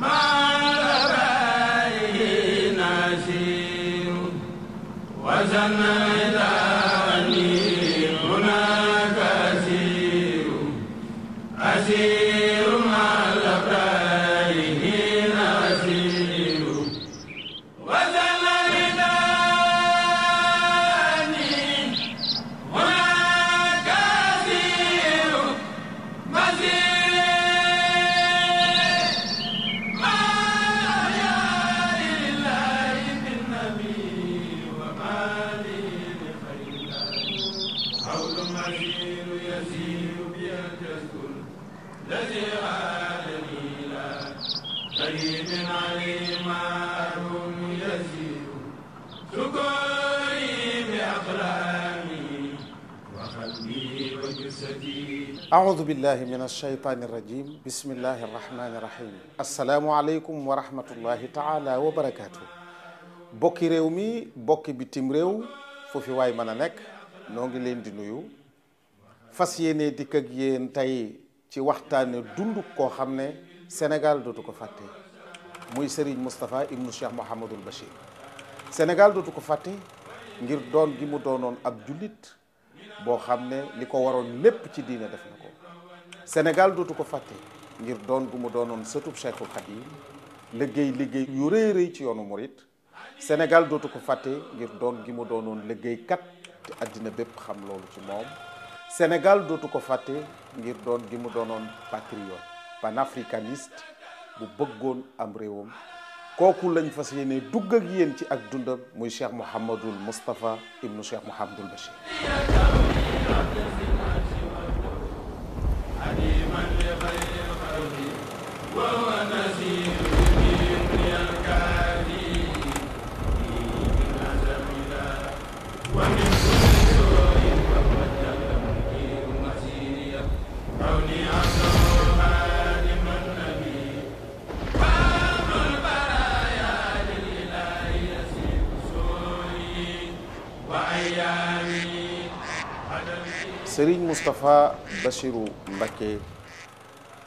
ma بالله من الشيطان الرجيم بسم الله الرحمن الرحيم السلام عليكم ورحمة الله تعالى وبركاته بوكي ريومي بوكي بيتيم ريو فوفي واي مانانك نونغي لين دي نويو فاسييني دي كاكيين تاي تي وقتان دوندو كو خامني سنغال دوتو كو فاتي موي سيرين مصطفى ابن الشيخ محمد البشير سنغال دوتو كو فاتي ngir doon gi mu doonoon ab julit boo xam ne li ko waroon Sénégal dootu ko fàtte ngir doon gu mu doonoon sëtub Cheikhul Khadim liggéey liggéey yu rëy rëy ci yoonu murit Sénégal dootu ko fàtte ngir doon gi mu doonoon liggéey kat àddina bépp xam loolu ci moom Sénégal dootu ko fàtte ngir doon gi mu doonoon patriote panafricaniste bu bëggoon am réewam kooku lañ fas yéene dugg ak yéen ci ak dundam muy Cheikh Mouhamadul Moustapha ibnu Cheikh Mouhamadul Bachir Serigne Moustapha Bassirou Mbacké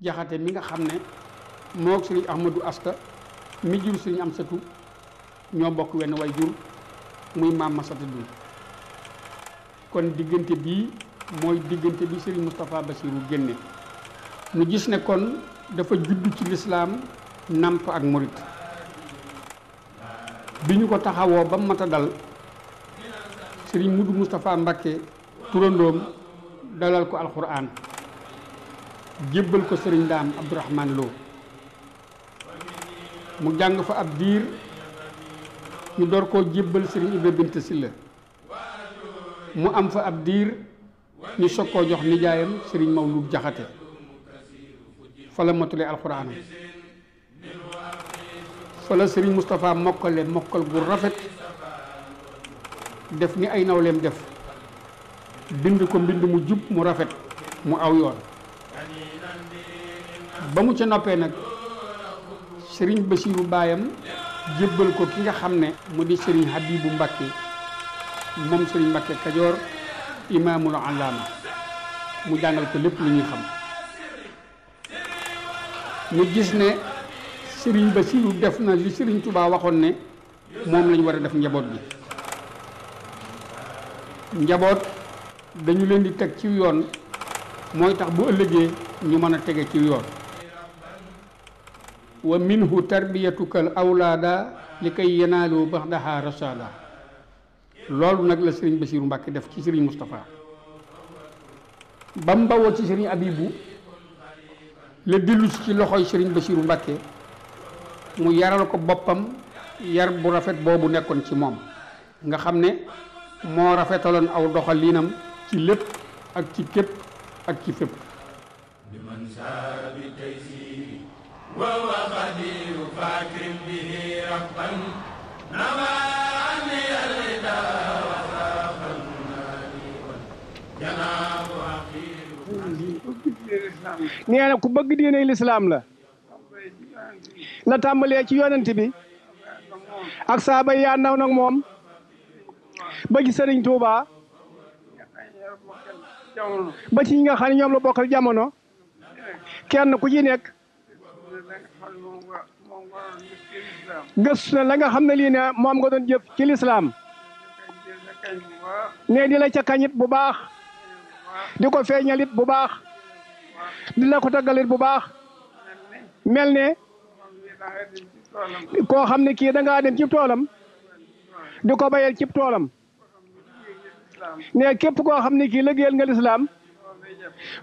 jaxate mi nga xamne mok moog ahmadou asta mi jur sëriñ am satu ño bokk wenn way jur muy kon diggante bi, moy diggante bi sëriñ mustapha bassirou génne ñu gis ne kon dafa judd ci lislaam namp ak murit biñu ko taxawoo ba mata dal sëriñ mudu mustapha mbakke turandom dalal ko alquran jébbal ko sëriñ daam abdourahman loo mu jàng fa ab diir ñu door koo jébbal sëriñ ibra bint silla mu am fa ab diir ñu soog koo jox nijaayam sëriñ mawlud jaxate fa la matule alxuraanam fa la sëriñ moustapha mokkale mokkal gu rafet def ni ay nawleem def bind ko mbind mu jub mu rafet mu aw yoon ba mu ca noppee nag sëriñ Basiiru baayam jébbal ko ki nga xam ne mu di sëriñ Habibu Mbakke moom sëriñ Mbakke Kajoor imaamul allaama mu jàngal ko lépp lu ñuy xam mu gis ne sëriñ Basiiru def na li sëriñ Tubaa waxoon ne moom lañu war a def njaboot bi njaboot dañu leen di teg ci yoon mooy tax bu ëllëgee ñu mën a tege ci yoon wa minhu tarbiyatuka al awlaada li koy kay yanaalu baxdaha rasada loolu nag la sëriñ Basiiru Mbàkke def ci sëriñ Moustapha ba mu ci sëriñ Abibu la dellu ci loxoy sëriñ Basiiru Mbàkke mu yaral ko boppam yar bu rafet boobu nekkoon ci moom nga xam ne moo rafetaloon aw doxalinam ci lépp ak ci képp ak ci fépp وهو قدير فاكرم به ربا نما عني الرداء وساق المالي والجناب أخير nee na ku bëgg diine lislaam la la tàmbalee ci yonent bi ak saaba yaa naw nag moom ba sëriñ Tuuba ba ci ñi nga xam ne ñoom la bokkal jamono kenn ku ci nekk gëstu na la nga xam ne lii ne moom nga doon jëf ci lislaam ne di la ca kañit bu baax di ko feeñalit bu baax di la ko taggalit bu baax mel ne koo xam ne kii danga ngaa dem cib toolam di ko bayal ci toolam ne képp koo xam ne kii la liggéeyal nga lislaam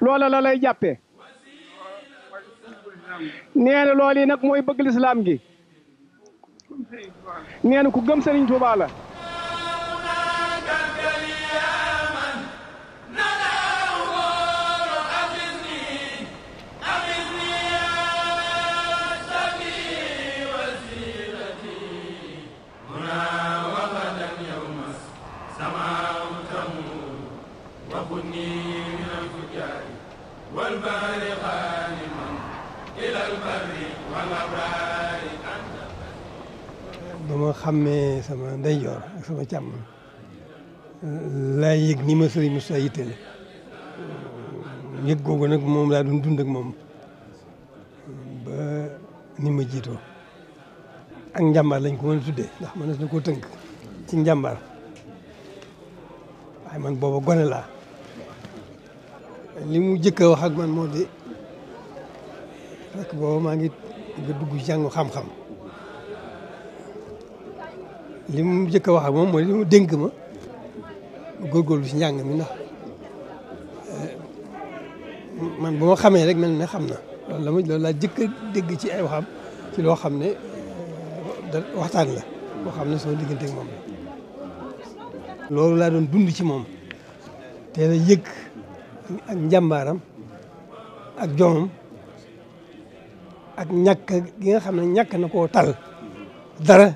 loola la lay jàppee nee na yi nag mooy bëgg lislaam gi nee na ku gëm Serigne Touba la ndeyjoor ak sama càmm laa yëg ni ma sëriñ Moussa yittale yëg googu nag moom laa doon dund ak moom ba ni ma jiitoo ak njàmbaar lañ ko mën a tuddee ndax mënees na koo tënk ci njàmbaar waaye man booba gone laa li mu wax ak man moo di fekk booba maa ngi dugg jàngu xam-xam li mu njëkk a wax ak moom mooy li mu dénk ma góorgóorlu si njàng mi na eh, man bu ma xamee rek mel ne xam na loolu la ma loolu laa jëkk dégg ci ay waxam ci loo xam ne eh, da waxtaan la boo xam ne sama diggante ak moom loolu laa doon dund ci moom teel a yëg ak njàmbaaram ak jomam ak ñàkk gi nga xam ne ñàkk na koo tal dara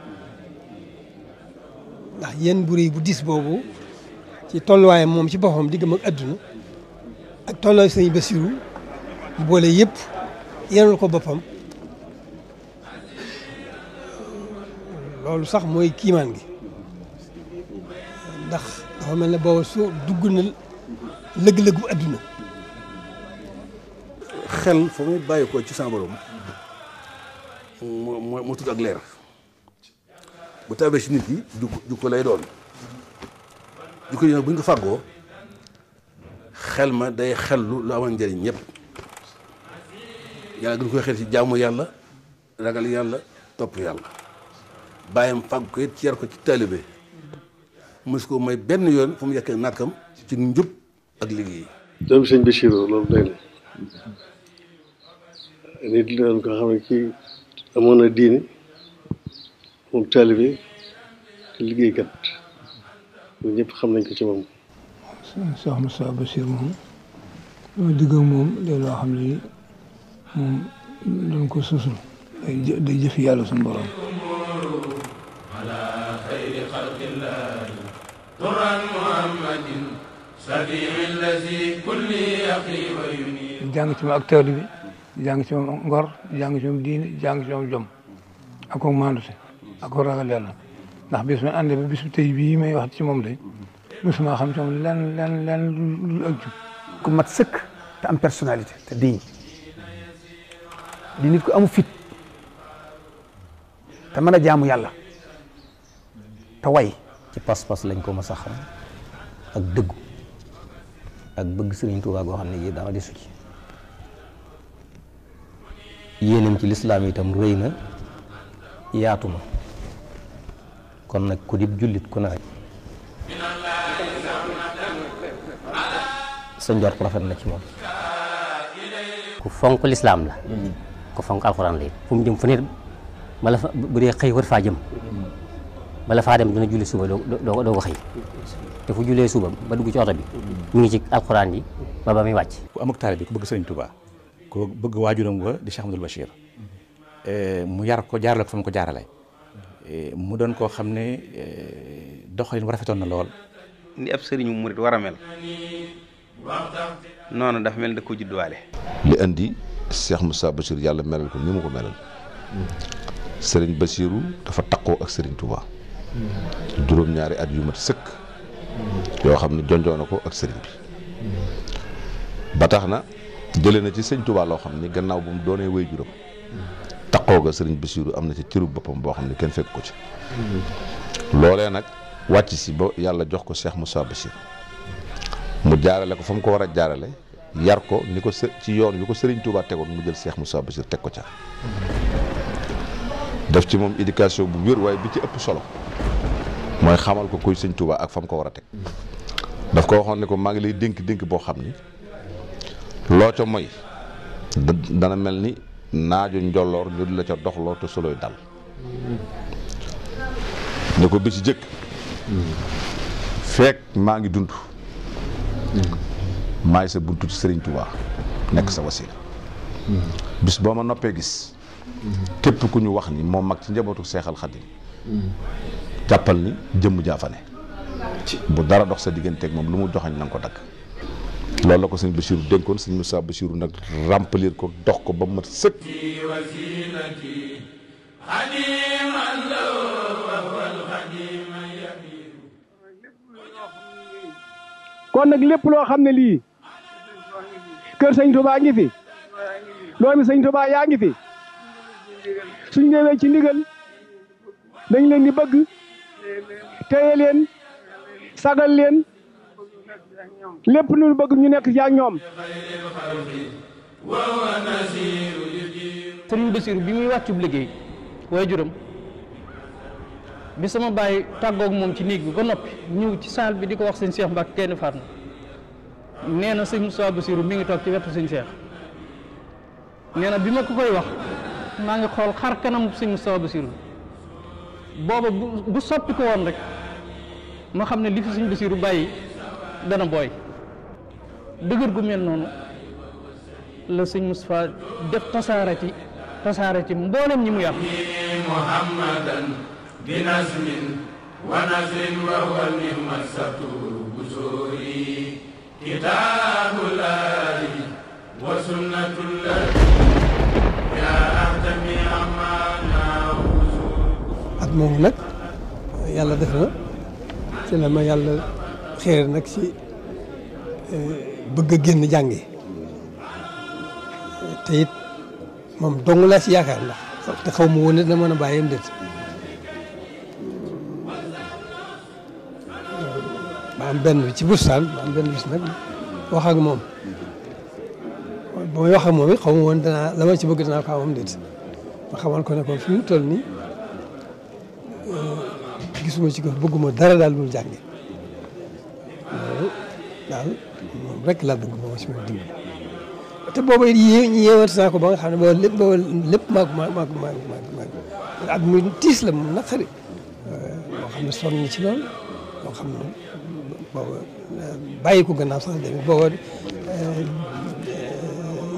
ndax yéen bu rëy bu diis boobu ci tolluwaayam moom ci boppam diggam ak adduna ak tolluwaay sëñ Basiru boole yépp yenul ko boppam loolu sax mooy kiimaan gi ndax dafa mel ne boobu su dugg na lëg-lëgu adduna xel fa bàyyi ko ci sama moo moo tudd ak leer bu tawee si nit yi jukko jukko lay doon jukko yi nag bu ñu fàggoo xel ma day xel lu amal njëriñ ñëpp yàlla gën koy xel ci jàmm yàlla ragal yàlla topp yàlla bàyyam fàgg ko ci yar ko ci taalibe mos ko may benn yoon fu mu yekkee nàkkam ci njub ak liggéey doom sëñ Bachir loolu doy nit doon ko xam ne kii amoon na diini moom taalibe liggéeykat loolu ñëpp xam nañ ko ci moom. soxna Saa Basiir moom sama digg moom day loo xam ne moom dañ ko susul day jë day jëf yàlla suñu borom. jàng ci moom ak taalibe bi jàng ci moom ngor jàng ci moom diine jàng ci moom jom ak ko maandute ak ko ragal yàlla ndax bis ma ànd ba bisu tey bii may wax ci moom de musuma xam ci moom lan lan lu ak jub mat sëkk te am personnalité te diñ di nit ku amu fit te mën a jaamu yàlla te way ci pas-pas lañ ko ma a xam ak dëggu ak bëgg Sëriñ Tuubaa goo xam ne yi dara desu ci yéenam ci lislaam itam rëy na yaatu na kon nag ku dib jullit ku naaj sa njort rafet na ci moom ku fonk lislaam la ku fonk alxuraan la fu jëm fu ne bala fa bu dee xëy war faa jëm bala faa dem dina julli suba doo doo doo ko xëy te fu jullee suba ba dugg ci oto bi mu ngi ci alxuraan yi ba ba wàcc ku amuk taal bi ku bëgg sëriñ Tuubaa ku bëgg waajuram wa di Cheikh Amadou eh, mu yar ko jaarale ko fa ko jaarale Eh, mu doon koo xam ne eh, doxalin rafetoon na lool. ni ab mu murit war a mel noonu dafa mel da ko judduwaale. li andi Cheikh Moussa Bachir yàlla melal ko ni mu ko melal. sëriñ Bachirou dafa takkoo ak sëriñ Touba. juróom-ñaari at yu sëkk. yoo xam ne jonjoo ko ak sëriñ bi. ba tax na jëlee na ci sëñ Touba loo xam ni gannaaw bu mu doonee wéy juróom. taqoo ga sëriñ Bassirou am na ci cëru boppam boo xam ne kenn fekk ko ca loolee nag wàcc si ba yàlla jox ko Cheikh Moussa Bassirou mu jaarale ko fa mu ko war a jaarale yar ko ni ko ci yoon yu ko sëriñ Touba tegoon mu jël seex Cheikh Moussa Bassirou teg ko ca. def ci moom éducation bu wér waaye bi ci ëpp solo mooy xamal ko kuy sëñ Touba ak fa mu ko war a teg daf ko waxoon ne ko maa ngi lay dénk dénk boo xam ni loo ca moy dana mel ni. naaju njolloor ñu di la ca doxloo te soloy dal ne ko bi ci jëkk feek maa ngi dund maay sa buntu ci Sëriñ Tuubaa nekk sa wasila bis boo ma noppee gis képp ku ñu wax ni moom mag ci njabootu seexal xadim jàppal ni jëmm jaafane bu dara dox sa digganteeg moom lu mu joxañ na ko dagg loolu la ko sëñ Bachirou dénkoon sëñ Moussa Bachirou nag remplir ko dox ko ba mu mat sëkk. kon nag lépp loo xam ne lii kër sëñ Touba ngi fi doomi sëñ Touba yaa ngi fi suñ demee ci ndigal dañ leen di bëgg téye leen sagal leen. lépp lu ñu bëgg ñu nekk jaa ñoom. sëriñ Basiir bi muy wàccu liggéey waaye juróom bi sama bàyyi tàggoog moom ci néeg bi ba noppi ñëw ci saal bi di ko wax seen seex Mbacke kenn faat na nee na sëñ Moussa Basiiru mi ngi toog ci wetu sëñ Cheikh nee na bi ma ko koy wax maa ngi xool xar kanam sëñ Moussa Basiiru booba bu bu soppi ko woon rek ma xam ne li fi sëñ Basiiru bàyyi. dana booy dëgër gu mel noonu la sëñ Moustapha def tasaare ci tasaare ci mboolem ñi mu yar muhammadan bi nasmin wa nasrin wa huwa nimasatu busuri kitaabullahi wa sunnatullahi ya ahtami amana at moomu nag yàlla def na ci la ma yàlla xëy nag si eh, bëgg a génn jàngi te moom dong laa si yaakaar ndax te xaw ma woon ne dina mën a bàyyi déet ma am benn bi ci bustaan ma am benn bis nag wax ak moom ba may wax moom it xaw ma woon danaa la ci bëgg danaa ko amam déet ma xamal ko ne ko fi mu toll nii eh, gisuma ci ko bëgguma dara daal lu jàngi loolu daal moom rek laa bëgg moom si mën a dimbali te booba yéen yéewat naa ko ba nga xam ne booba lépp booba lépp maa ko maa ko maa ko maa ko ak muy tiis la moom naqari moo xam ne sonn na ci loolu moo xam ne booba euh, bàyyi ko gannaaw sax dem booba euh,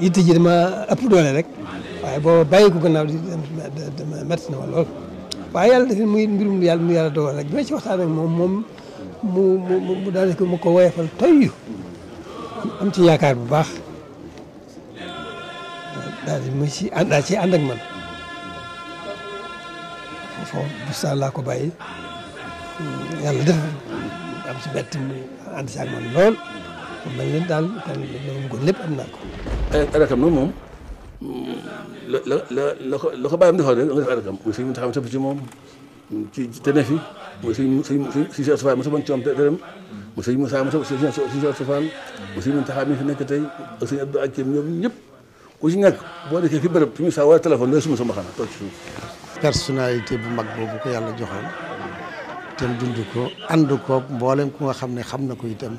yitte ji dama ëpp doole rek waaye booba bàyyi ko gannaaw di métti na ma lool waaye yàlla def muy mbirum yàlla mu yàlla dogal rek bi ma ci waxtaan ak moom moom mu mu mu daanaka mu ko woyofal toyyu am ci yaakaar bu baax daal di mu si ànd ci ànd ak man foofu bisimilah laa ko bàyyi yàlla def am si bett mu ànd si ak man lool mu mel ni daal kon loolu ko lépp am naa ko. Eh, rakam nag moom la la la la ko la ko bàyyam defoon rek la ko def rakam mu si mu taxaw ci moom. ci te ne fi mooy sëñ sëñ si Cheikh Sofane mosa woon ci am dërëm mu sëñ Moussa mosa si Cheikh Sofane mu sëñ Mountakha mi fi nekk tey ak sëñ Abdou Akim ñoom ñëpp ku ci nekk boo nekkee fi bërëb suñu saa wala téléphone la suma sama xanaa toog ci suuf personnalité bu mag boobu ko yàlla joxoon te dund ko ànd ko mboolem ku nga xam ne xam na ko itam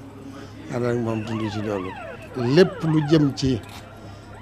ànd ak moom dund ci loolu lépp lu jëm ci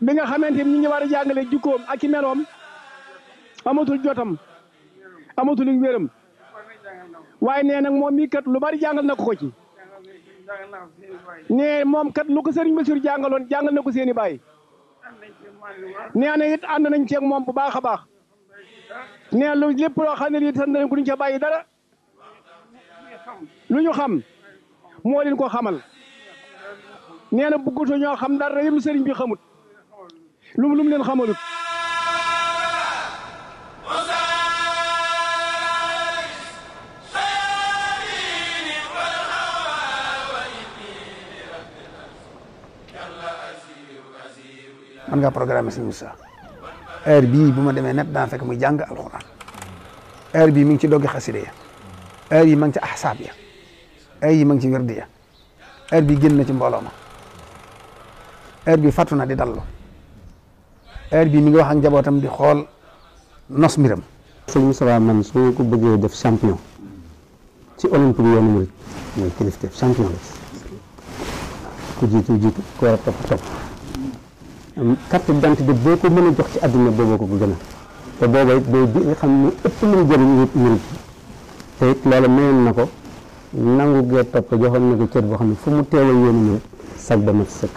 bi nga xamante ni ñu ngi war a jàngale jikkoom ak i meloom amatul jotam amatul wéram waaye nee nag moom mii kat lu bari jàngal na ko ko ci nee moom kat lu ko sëriñ Basiru jàngaloon jàngal na ko seen i baay nee na it ànd nañ ceeg moom bu baax a baax nee lu lépp loo xam ne lii sant nañ ca bàyyi dara lu ñu xam moo leen ko xamal nee na bëggatoo ñoo xam dara yëpp sëriñ bi xamut Lum lum len leen man nga programmer sëñ Moussa air bi buma ma demee net dana fekk muy jang alquran air bi mi ngi ci dogi xaside ya air yi mang ci ahsab ya heure yi mang ci ya. wirdi ya heure bii génn na ci mbolo ma air bi fatuna di dallo heure bii mi ngi wax ak njabootam di xool nos mbiram. sëñ Moussa su ma ko bëggee def champion ci olympique yoonu murit mooy kilifteef champion la ku jiitu jiitu ku war a topp topp carte d'identité boo ko mën a jox ci àdduna booboo ko gën a te booba it day bi nga xam ne ëpp mën jëriñ it murit te it na ko nangu gee topp cër boo xam ne fu mu teewal yoonu murit sag ba mat sëkk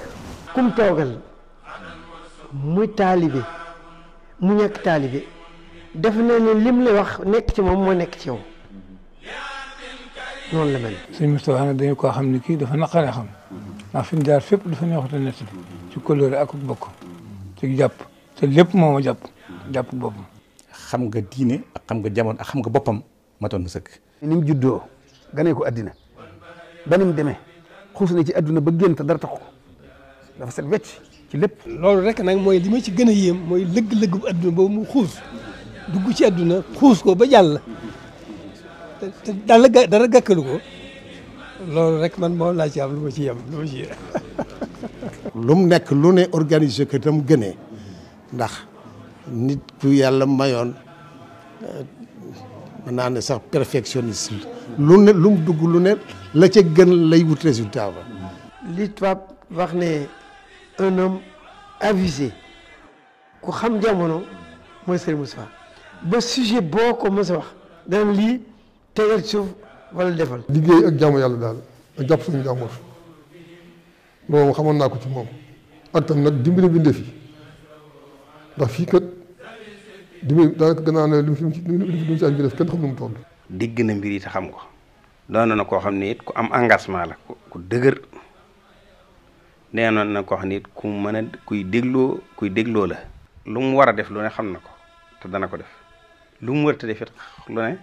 muy talibé mu ñek talibé def na ne lim la wax nek ci mom mo nek ci yow non la mel. sëñ mustafa nag dañ ko xamni ki dafa naqare xam na fi ndar fep dafa neexut a nett ci kóllóore ak bokk ci jàpp te lépp moo ma jàpp jàpp bop xam nga diine ak xam nga jamon ak xam nga bopam matoon na seuk nim juddo gané ko adina banim démé mu demee ci aduna ba gënta dara taxu dafa set wecc. ci lépp loolu rekk nag mooy li ma ci gën a yéem mooy lëgg-lëgg bu adduna boobu mu xuus dugg ci adduna xuus ko ba jàll te dara dara gàkkalu ko loolu rek man moom laa ci am lu ci yem lu mu nekk lu ne organiser mu gëne ndax nit ku yàlla mayoon eh, mën naa ne sax perfectionniste lu ne dugg lu ne la ca gën lay wut résultat ba li tubaab wax ne un homme avisé ku xam jamono mooy Serigne Moustapha ba sujet boo ko mos a wax dana lii tegal suuf wala defal. liggéey ak jaamu yàlla daal ak jàpp suñu jaamu loolu moom xamoon naa ko ci moom ak tam nag dimbali bindee fi ndax fii kat dimbali daanaka gannaaw ne lu mu ci lu mu ci def kenn xam nu mu toll. dégg na mbir te xam ko doon na koo xam ne it ku am engagement la ku dëgër. neena na ko xani ku mën kuy déglo kuy déglo la lu mu wara def lu ne xam na ko te dana ko def lu mu wërta def it lu ne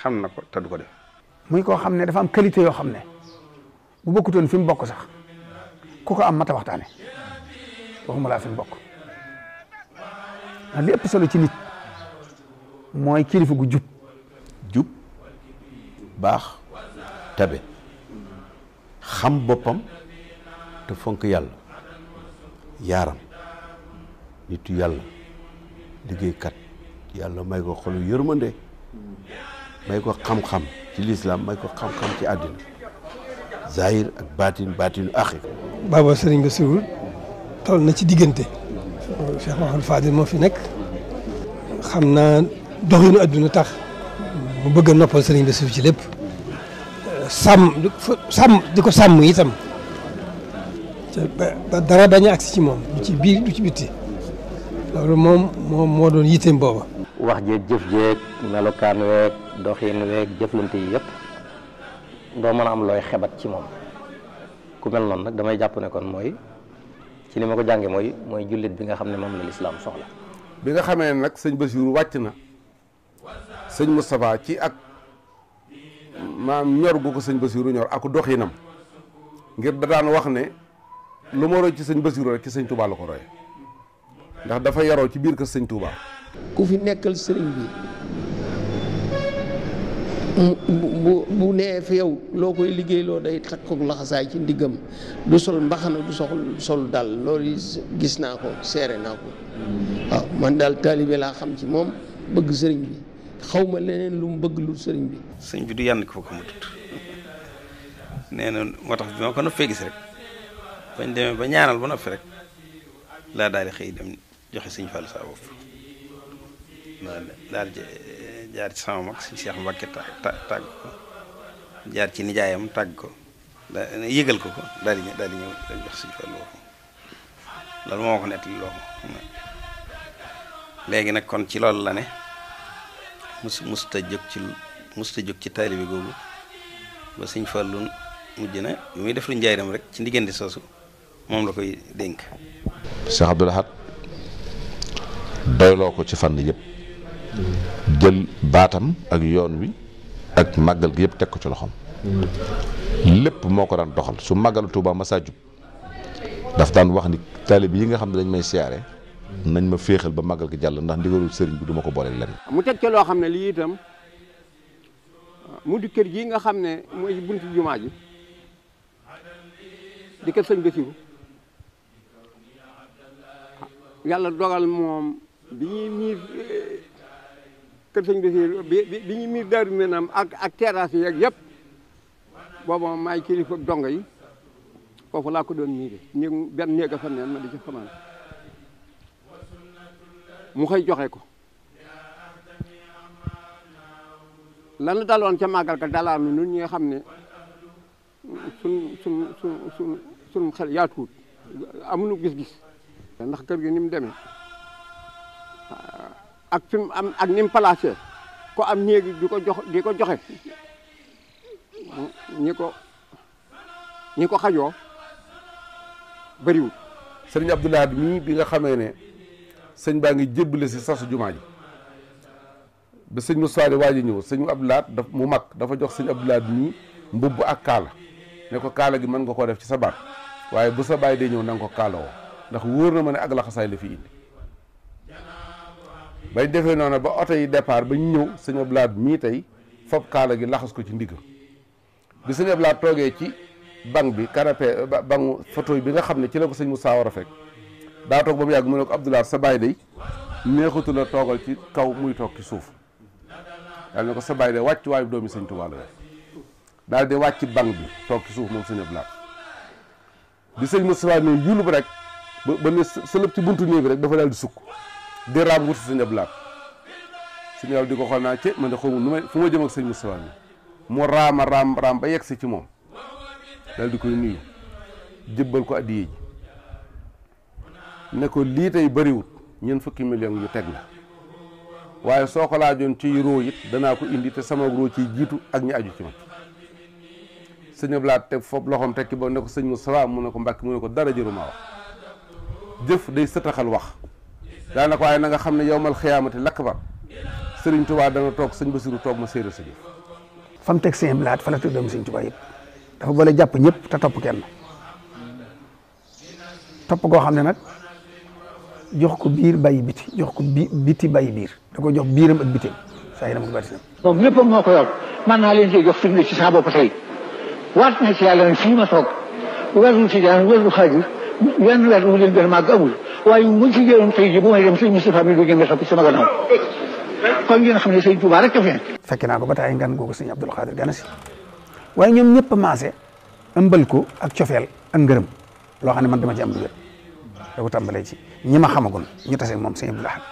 xam na ko te du ko def muy koo xam ne dafa am qualité yoo xam ne bu bokkutoon fi mu bokk sax ku ko am mata waxtaane waxuma laa fi mu bokk li ëpp solo ci nit mooy kilifa gu jub jub baax tabe xam boppam te fonk yàlla yaaram nitu yàlla liggéeykat yàlla may ko xolu yërmande may ko xam-xam ci lislaam may ko xam-xam ci àddina zahir ak baatin baatinu axir baaba sëriñ ba sirul toll na ci diggante Cheikh Mahamadou Fadil moo fi nekk xam naa doxinu àdduna tax mu bëgg a noppal sëriñ ba sirul ci lépp sàmm sàmm di ko sàmm itam ba dara bañ agsi ci moom du ci biir du ci bitti moom moom moo doon yitteem booba. wax jeeg jëf jeeg melokaan weeg doxiin weeg jëflante yi yëpp doo mën a am looy xebat ci moom ku mel noon nag damay jàpp ne kon mooy ci ni ma ko jànge mooy mooy jullit bi nga xam ne moom la lislaam soxla. bi nga xamee nag sëñ Basiru wàcc na sëñ Moustapha ci ak maam ñor gu sëñ Basiru ñor ak doxiinam ngir da daan wax ne. lu ma roy ci sëñ Basiru rek ci sëñ Touba la ko roy ndax dafa yaroo ci biir kër sëñ Touba. ku fi nekkal sëriñ bi bu bu nee fi yow loo koy liggéeyloo day takkook laxasaay ci ndiggam du sol mbaxana du soxla sol daal loolu gis naa ko seere naa ko waaw man daal taalibe laa xam ci moom bëgg sëriñ bi xaw ma leneen lu mu bëgg lu sëriñ bi. sëñ bi du yànn ko fa ko mu tudd nee na moo tax bi ma ko noppee gis rek. bañ demee ba ñaanal ba noppi rek laa daal di xëy dem joxe sëñ Fall saa bopp daal di eh, jaar ci sama mag si Cheikh Mbacke tàgg ko jaar ci nijaayam tàgg ko da yëgal ko ko daal di daal di ñëw dem nag kon ci loolu la mus musta jóg ci musta jóg ci taalibe googu ba sëñ Fallu mujj na bi muy def lu njaay rek ci ndiggante soosu moom la koy dénk. Cheikh Abdoul Ahad doyloo ko ci fànn yëpp jël baatam ak yoon wi ak màggal gi yëpp teg ko ci loxoom. lépp moo ko daan doxal su màggalu Touba ma jub daf daan wax ni taalib yi nga xam ne dañ may siyaare nañ ma féexal ba màggal gi jàll ndax ndigalul sëriñ bi du ko boole lenn. mu teg ci loo xam ne lii itam mu di kër gii nga xam ne mooy buntu jumaa ji di kër sëñ Bassirou yàlla dogal moom bi ñuy miir eh, kër sëñ Basiiru bi bi ñuy miir daaru ak ak terrasse yi ak yëpp booba maay kilifa dongo yi foofu laa ko doon miire benn néeg fa neen mu xëy joxe ko lan daloon ca màggal ga dalaanu nun ñi nga xam ne sun sun sun sun sun xel yaatuwut amuñu gis-gis ndax kër gi ni mu deme ak fi am ak ni mu placé ko am néegi di ko jox di ko joxe ñi ko ñi ko xajoo bëriwul. sëriñ Abdoulaye bi mii bi nga xamee ne sëñ baa ngi jébbale si sasu jumaa ji ba sëñ Moussa di waaj a ñëw sëñ Abdoulaye daf mu mag dafa jox sëñ Abdoulaye bi mii mbubb ak kaala ne ko kaala gi mën nga koo def ci sa baat waaye bu sa baay dee ñëw na nga ko kaalawoo. ndax wóor na ma ne ak laxasaay la fi indi bañ defee noonu ba oto yi départ ba ñu ñëw sëñ Ablaat mii tey fab kaala gi laxas ko ci ndiggam bi sëñ Ablaat toogee ci banc bi canapé banc photo bi nga xam ne ci la ko sëñ Moussa war a fekk daa toog ba mu yàgg mu ne ko Abdoulaye sa baay day neexatu la toogal ci kaw muy toog ci suuf daal ne ko sa baay day wàcc waayu doomi sëñ Tuubaa la def daal di wàcc banc bi toog ci suuf moom sëñ Ablaat bi sëñ Moussa ne yulub rek ba ba ne sëlëb ci buntu néeg rek dafa daal di sukk di raam wuti sëñ Abdu Lahat sëñ Abdu di ma jëm ak sëñ Moustapha mu raama raam ba yegg si ci moom daal di koy nuyu jëbbal ko addiye ji ne ko lii tey bëriwut ñeent fukki million yu teg la waaye soo ko laajoon ci róo it danaa ko indi te sama róo ciy jiitu ak ñi aju ci man sëñ Abdu foofu loxoom tekki ba ne ko sëñ Moustapha mu ne ko mbàkk mu ne ko dara jëru جف دي ستخال واخ دا نكو واي نغا خامني يوم القيامه الاكبر سيرن توبا دا توك سيرن بسيرو توك ما سيرو سيدي فام تك سيم لات فلا تودم سيرن توبا ييب دا فا بولا جاب نييب تا توب كين توب كو خامني نك جوخ كو بير باي بيتي جوخ كو بيتي باي بير دا كو جوخ بيرم اك بيتي ساي نام كو باتي نام نوب نيب مو كو يور مان نالي سابو باتاي وات نسي يالا توك وازن سي جان وازن خاجي wenn laaj bu leen gën a màgg amul waaye buñ si jëloon tey jii bu may dem sëñ Moustapha mi doog a mel sama gannaaw kon ngeen xam ne sëñ Touba rek a fi fekk naa ko ba tey ngan googu sëñ Abdul Xaadir Ganasi waaye ñoom ñëpp a maase ëmbal ko ak cofeel ak ngërëm loo xam ne man dama ci am lu wér da ko tàmbalee ci ñi ma xamagoon ñu tase moom sëñ Abdul Ahad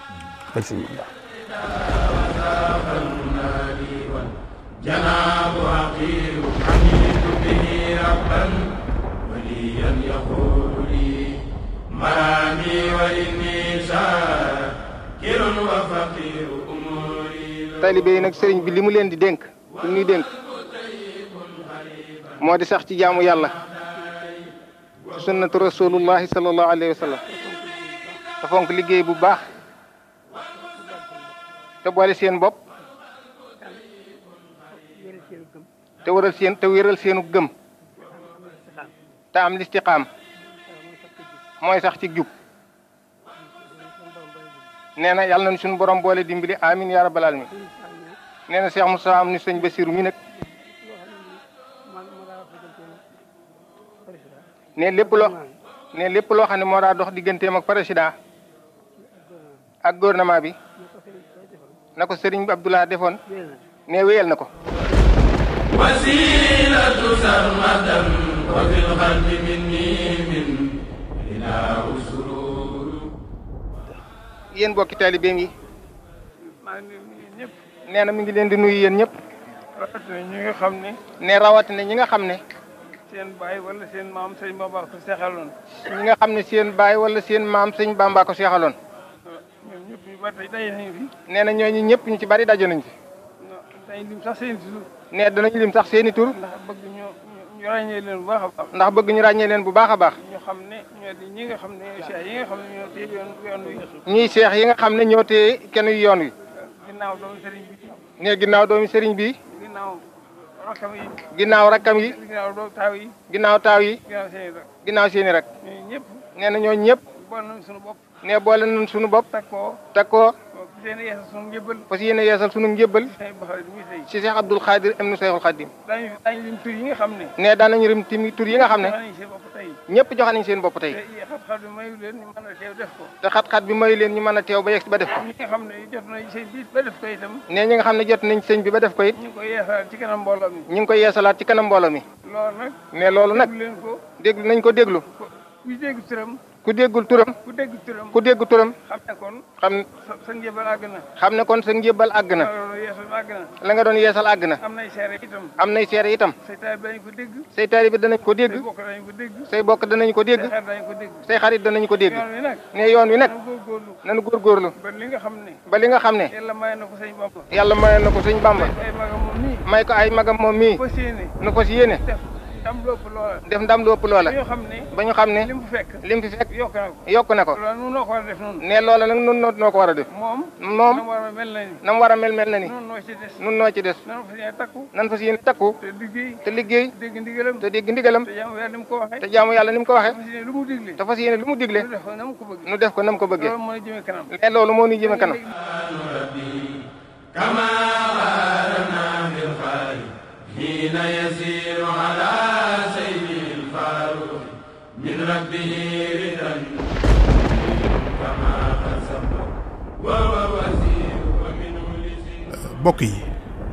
ba ci sëñ Moustapha taalibe yi nag sëriñ bi li mu leen di denk li ñuy dénk moo di sax ci jaamu yàlla sunnatu rasulullahi sallallahu alayhi wa te fonk liggéey bu baax te boole seen bopp te waral seen te seenu gëm te am mooy sax ci jub nee na yàlla nañu suñu borom boole dimbali amin yaa rabbal alamin nee na Cheikh Moussa am ni sëñ Basiru mi ne lépp loo ne lépp loo xam ne moo daa dox digganteem ak président ak gouvernement bi na ko sëriñ bi Abdoulaye defoon ne wéyal na ko wasilatu sarmadam wa fil xalbi minni min yéen bokki taalibeem yi. nee nyep. mi ngi len di nuyu yéen ñep ñi nga xam ne. ne rawatina ñi nga xam ne. seen baay wala seen mam sëñ Bamba ko seexaloon. ñi nga xam ne seen baay wala seen mam sëñ Bamba ko seexaloon. ñoom ñëpp ñu ini nyep. nañu fi. nyep na ñooñu ñëpp ñu ci bari daje nañ ci dañu lim sax seen i tur. nee danañu lim sax seen tur. ndax bëgg ñu rañé leen bu baaxa baax. ndax bëgg ñu rañé leen bu baaxa baax. ñu xam ñi nga xam ne seex yi nga xam ne ñoo téye yoon wi. yi nga xam ne ñoo téye kenn yoon wi. ginnaaw doomu sëriñ bi. ne sëriñ bi. ginnaaw rakkam yi. ginnaaw rakkam yi. ginnaaw taaw yi. ginaaw taaw yi. ginnaaw seeni rek ginnaaw ñëpp. nee na ñooñu ñëpp. boole nañ suñu bopp. ne boole nañ suñu bopp. takkoo takkoo. fas yéene yeesal sunu njëbbal. fas yéene yeesal sunu njëbbal. ci Cheikh Abdoul ne. ne daan nañu rim tur yi nga xam ne. ñëpp joxe nañ seen bopp tey. xat-xat bi mayu leen a teew def ko. te xat-xat bi mayu leen ñu mën a teew ba yegg ba ba def ko nee ñi nga xam ne jot nañ sëñ bi ba def ko it. ñu ngi koy yeesalaat ci kanam mbooloo mi. ñu ngi koy yeesalaat ci kanam mbooloo mi. loolu loolu nag déglu nañ ko déglu. ku déggul turam. ku dégg turam ku dégg turam. xam ne kon. xam sa njëbal àgg na. xam ne kon sa njëbal àgg na. la nga doon yeesal àgg na. am nay seere itam. am nay seere itam. say taalibe danañ ko dégg. say taalibe danañ ko dégg. say bokk danañ ko dégg. say xarit danañ ko dégg. ne yoon wi nag. nanu góor ba li nga xam ne. ba li nga xam ne. yàlla mayoon na ko sëñ Bamba. yàlla mayoon na ko sëñ Bamba. may ko ay magam moom mii. nu si yéene. ndam lu ëpp loola. def ndam lu ëpp loola. ba ñu xam ne. ba ñu xam ne lim fi fekk. lim yokk na ko. yokk na ko loolu noonu noo ne loola noo ko a def. moom. moom na mu war a mel mel na ni. nun noo ci des. nun noo ci des. nan takku. nan fas yéene takku. te liggéey. te liggéey. dégg ndigalam. te dégg ndigalam. te jaamu yàlla ni ko waxee. te jaamu yàlla ni ko waxee. te fas yéene lu mu digle. nu def ko na mu ko bëggee. ne loolu moo ñu jëme kanam. كما وارنا بالخير bokk yi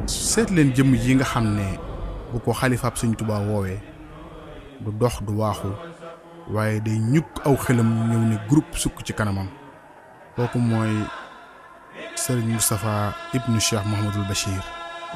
seet leen jëmm yi nga xam ne bu ko xalifaab Sëñ Tuubaa woowee du dox du waaxul waaye day ñukk aw xelam ñëw ne groupe sukk ci kanamam kooku mooy Serigne Moustapha ibnu Cheikh Mouhamadul Bachir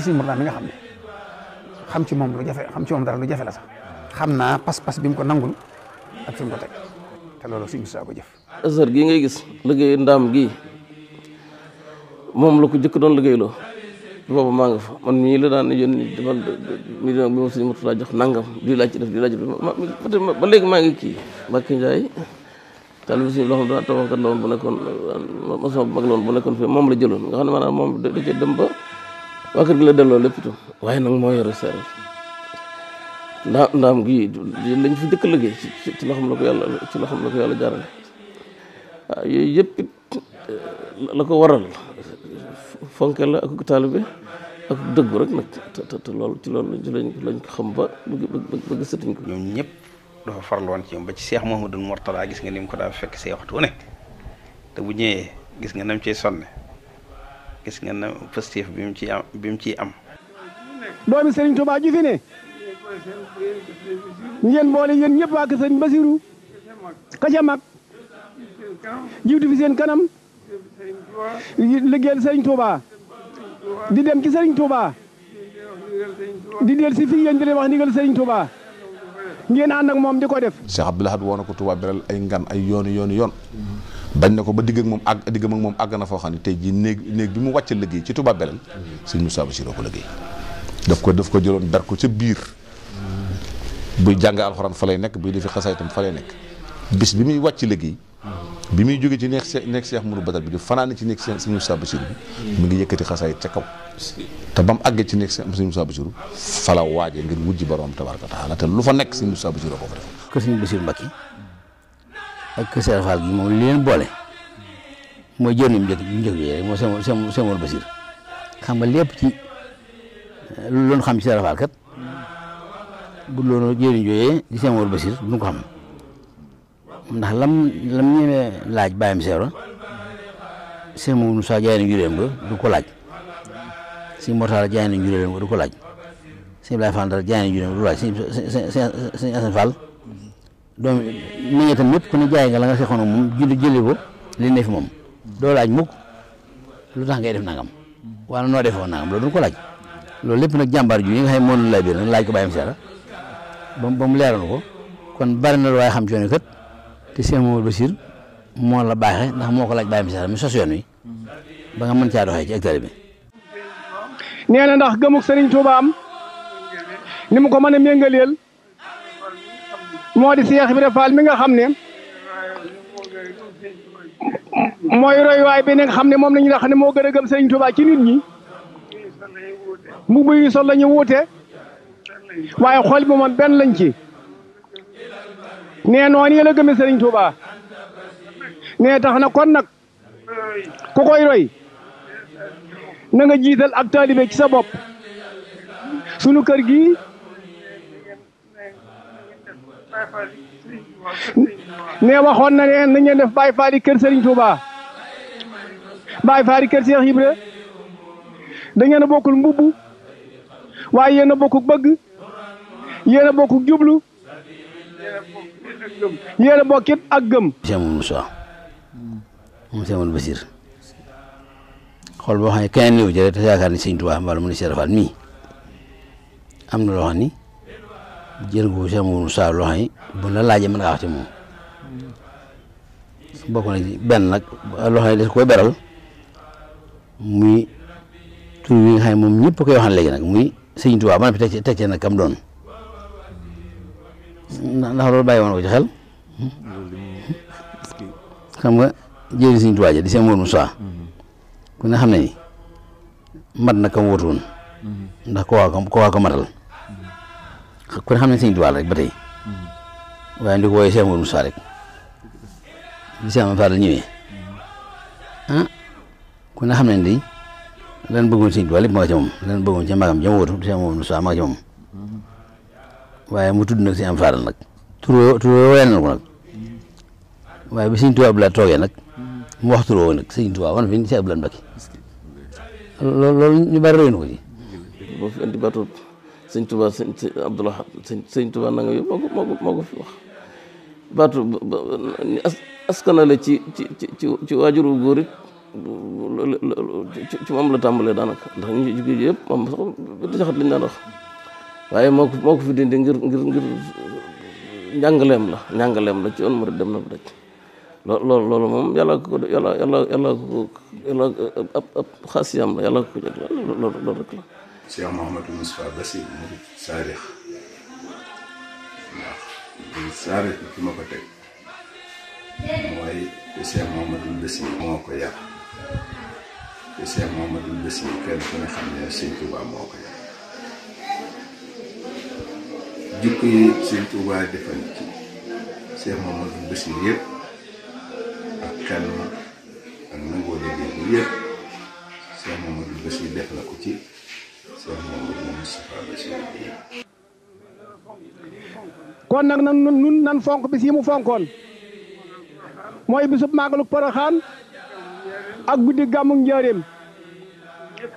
ci suñu murtaan mi nga xam ne xam ci moom lu jafe xam dara lu jafe la sax xam naa pas-pas bi mu ko nangul ak fi mu ko teg te loolu suñu saa ko jëf. Azhar gii ngay gis liggéey ndaam gii moom la ko jëkk doon liggéeyloo boobu maa nga fa man mii la daan yónni defal mi bi moom suñu murtaan di laaj ci def di laaj ba léegi maa ngi kii ba Ndiaye tal bi suñu loo xam ne daa tabaxkat la nekkoon moom la jëloon nga xam ne maanaam moom da waa kër gi la delloo lépp tu waaye nag moo yore seer ndaam ndaam gi lañ fi dëkk liggéey ci ci loo xam la ko yàlla ci loo xam la ko yàlla jaarale waaw yooyu yëpp la ko waral fonke la ak taalibe ak dëggu rek ta te te te loolu ci loolu lañ lañ ko xam ba bëgg bëgg bëgg sëtiñ ko. ñoom ñëpp dafa farlu woon ci ñoom ba ci Cheikh Mouhamadou Mourtada gis nga ni mu ko daa fekk see waxtu wu ne te bu ñëwee gis nga nam cee sonne. gis ngeen ne positif bi mu ciy am bi mu ciy am. doomi Serigne Touba ju fi ne. ngeen boole yéen ñëpp waa kër Serigne Basirou. ka ca fi seen kanam. liggéeyal Serigne Touba. di dem ci Serigne Touba. di del si fii yéen di leen wax ndigal Serigne Touba. ngeen ànd ak moom di ko def. Cheikh Abdoul Ahad woo na ko Touba beral ay ngan ay yoonu yoonu yoon. bañ na ko ba digg moom àgg digg ak moom àgg na foo xam ne tey jii néeg néeg bi mu wàcc liggéey ci Touba Belel sëñ Moussa Bassirou ko liggéey daf ko daf ko jëloon ber ko ca biir buy jàng alxuraan fa lay nekk buy defi xasaytam fa lay nekk bis bi muy wàcc liggéey bi muy jógee ci neex see neex seex mënu badal bi di fanaan ci neex sëñ Moussa Bassirou bi mu ngi yëkkati xasaayit ca kaw te ba mu àggee ci neex sëñ Moussa Bassirou fa la waajee ngir wujji borom tabaraka taala te lu fa nekk sëñ Moussa Bassirou ko fa def ak kër Serigne Fall gi moom li leen boole mooy jënd mu njëkk mu njëkk yooyu mooy Serigne Serigne Serigne Bassir xam nga lépp ci lu doon xam ci Serigne Fall kat bu loolu jëriñ jooyee di Serigne Bassir du ko xam ndax lam lam ñemee laaj bàyyam seero sëñ Mawone Moussa jaay na njuréem ba du ko laaj sëñ Mortala jaay na njuréem ba du ko laaj sëñ Ibrahima Fall jaay na njuréem ba du ko laaj sëñ sëñ sëñ Assane Fall. doom mi ngi itam ñëpp ku ne jaay nga la nga seexoon moom jëli jëli ko li ne fi moom doo laaj mukk lu tax ngay def nangam wala noo defoo nangam loolu du ko laaj loolu lépp nag jàmbaar ju yi nga xam ne laaj ko bàyyam seera ba ba mu ko kon bari na lu xam ci yoon kat te Cheikh Mamadou moo la baaxee ndax moo ko laaj bàyyam mi sos yoon ba nga mën caa doxee ci hectare bi. nee ndax gëmug Serigne Touba am ni mu ko mën a méngaleel moo di Cheikh Ibrahima Fall mi nga xam ne mooy royuwaay bi nga xam ne moom la ñu xam ne moo gën a gëm Sëriñ Tuubaa ci nit ñi mbubb yi sol la ñu wuute waaye xool bi moom benn lañ ci nee noonu yi la gëmee Sëriñ Tuubaa nee tax na kon nag ku koy roy na nga jiital ak taalibe ci sa bopp sunu kër gi ne waxoon na ne nañ def Baye Fall yi kër Serigne Touba Baye Fall yi kër Cheikh Ibra da ngeen a bokkul mbubb waaye yéen a bokku bëgg yéen a bokku jublu yéen a bokkit ak gëm. Cheikh Mamadou Moussa moom Cheikh Mamadou Bassir ne keneen néew jëre te yaakaar ni Serigne Touba mbala mu ne Cheikh mii am na loo nii jërëjëf Cheikh Mouhamadou Moussa loo xam ne bu la laajee mën ngaa wax ci moom bokk na ci benn nag loo xam ne des koy beral muy tur wi nga xam ne moom ñëpp koy waxaan léegi nag muy Sëñ Tuubaa ba nga fi teg teg nag kam doon ndax loolu bàyyi woon ko ci xel xam nga jëriñ Sëñ Tuubaa ji di Cheikh Mouhamadou Moussa ku ne xam ne ni mat na kam wóotu woon ndax ko waa ko matal. kon xam nañ sëñ Tuubaa rek ba tey waaye ndi ko wooyee Cheikh Mourou Moussa rek bi Cheikh Mourou Fall ñëwee ah kon na xam nañ di lan bëggoon sëñ Tuubaa lépp ma nga ca moom lan bëggoon ca magam jëm wóotu Cheikh Mourou Moussa ma nga ca moom waaye mu tudd nag si am faaral nag turoo turoo wéyal na ko nag waaye bi sëñ Tuubaa Abdoulaye toogee nag mu wax turoo nag sëñ Tuubaa wan fi si Abdoulaye Mbacké loolu loolu ñu bari réew na ko ci sëñ Touba sëñ Abdoulaye sëñ Touba na nga yób moo ko moo ko moo ko fi wax baatu askana la ci ci ci ci waajuru góor it ci moom la tàmbalee daanaka ndax ñu jóge yëpp moom sax bët jaxat lañ daan wax waaye moo ko moo ko fi dindi ngir ngir ngir njàngaleem la njàngaleem la ci yoon murid dem na bu daj loolu loolu moom yàlla ko yàlla yàlla yàlla ko yàlla ab ab xaasiyam la yàlla ko jël loolu loolu rek la Cheikh Mouhamadou Moustapha Bassir murid saadix ndax ma ko teg mooy te Cheikh Mouhamadou moo ko yar te Cheikh Mouhamadou kenn ku ne xam ne Sëñ Tuubaa moo yëpp ak xel ma ak nangoo liggéey bi yëpp Cheikh Mouhamadou Bassir def na ko ci kon nag nan nun nan fonk bis yi mu fonkoon mooy bisub màggalu Poroxaan ak guddi gàmmu njaareem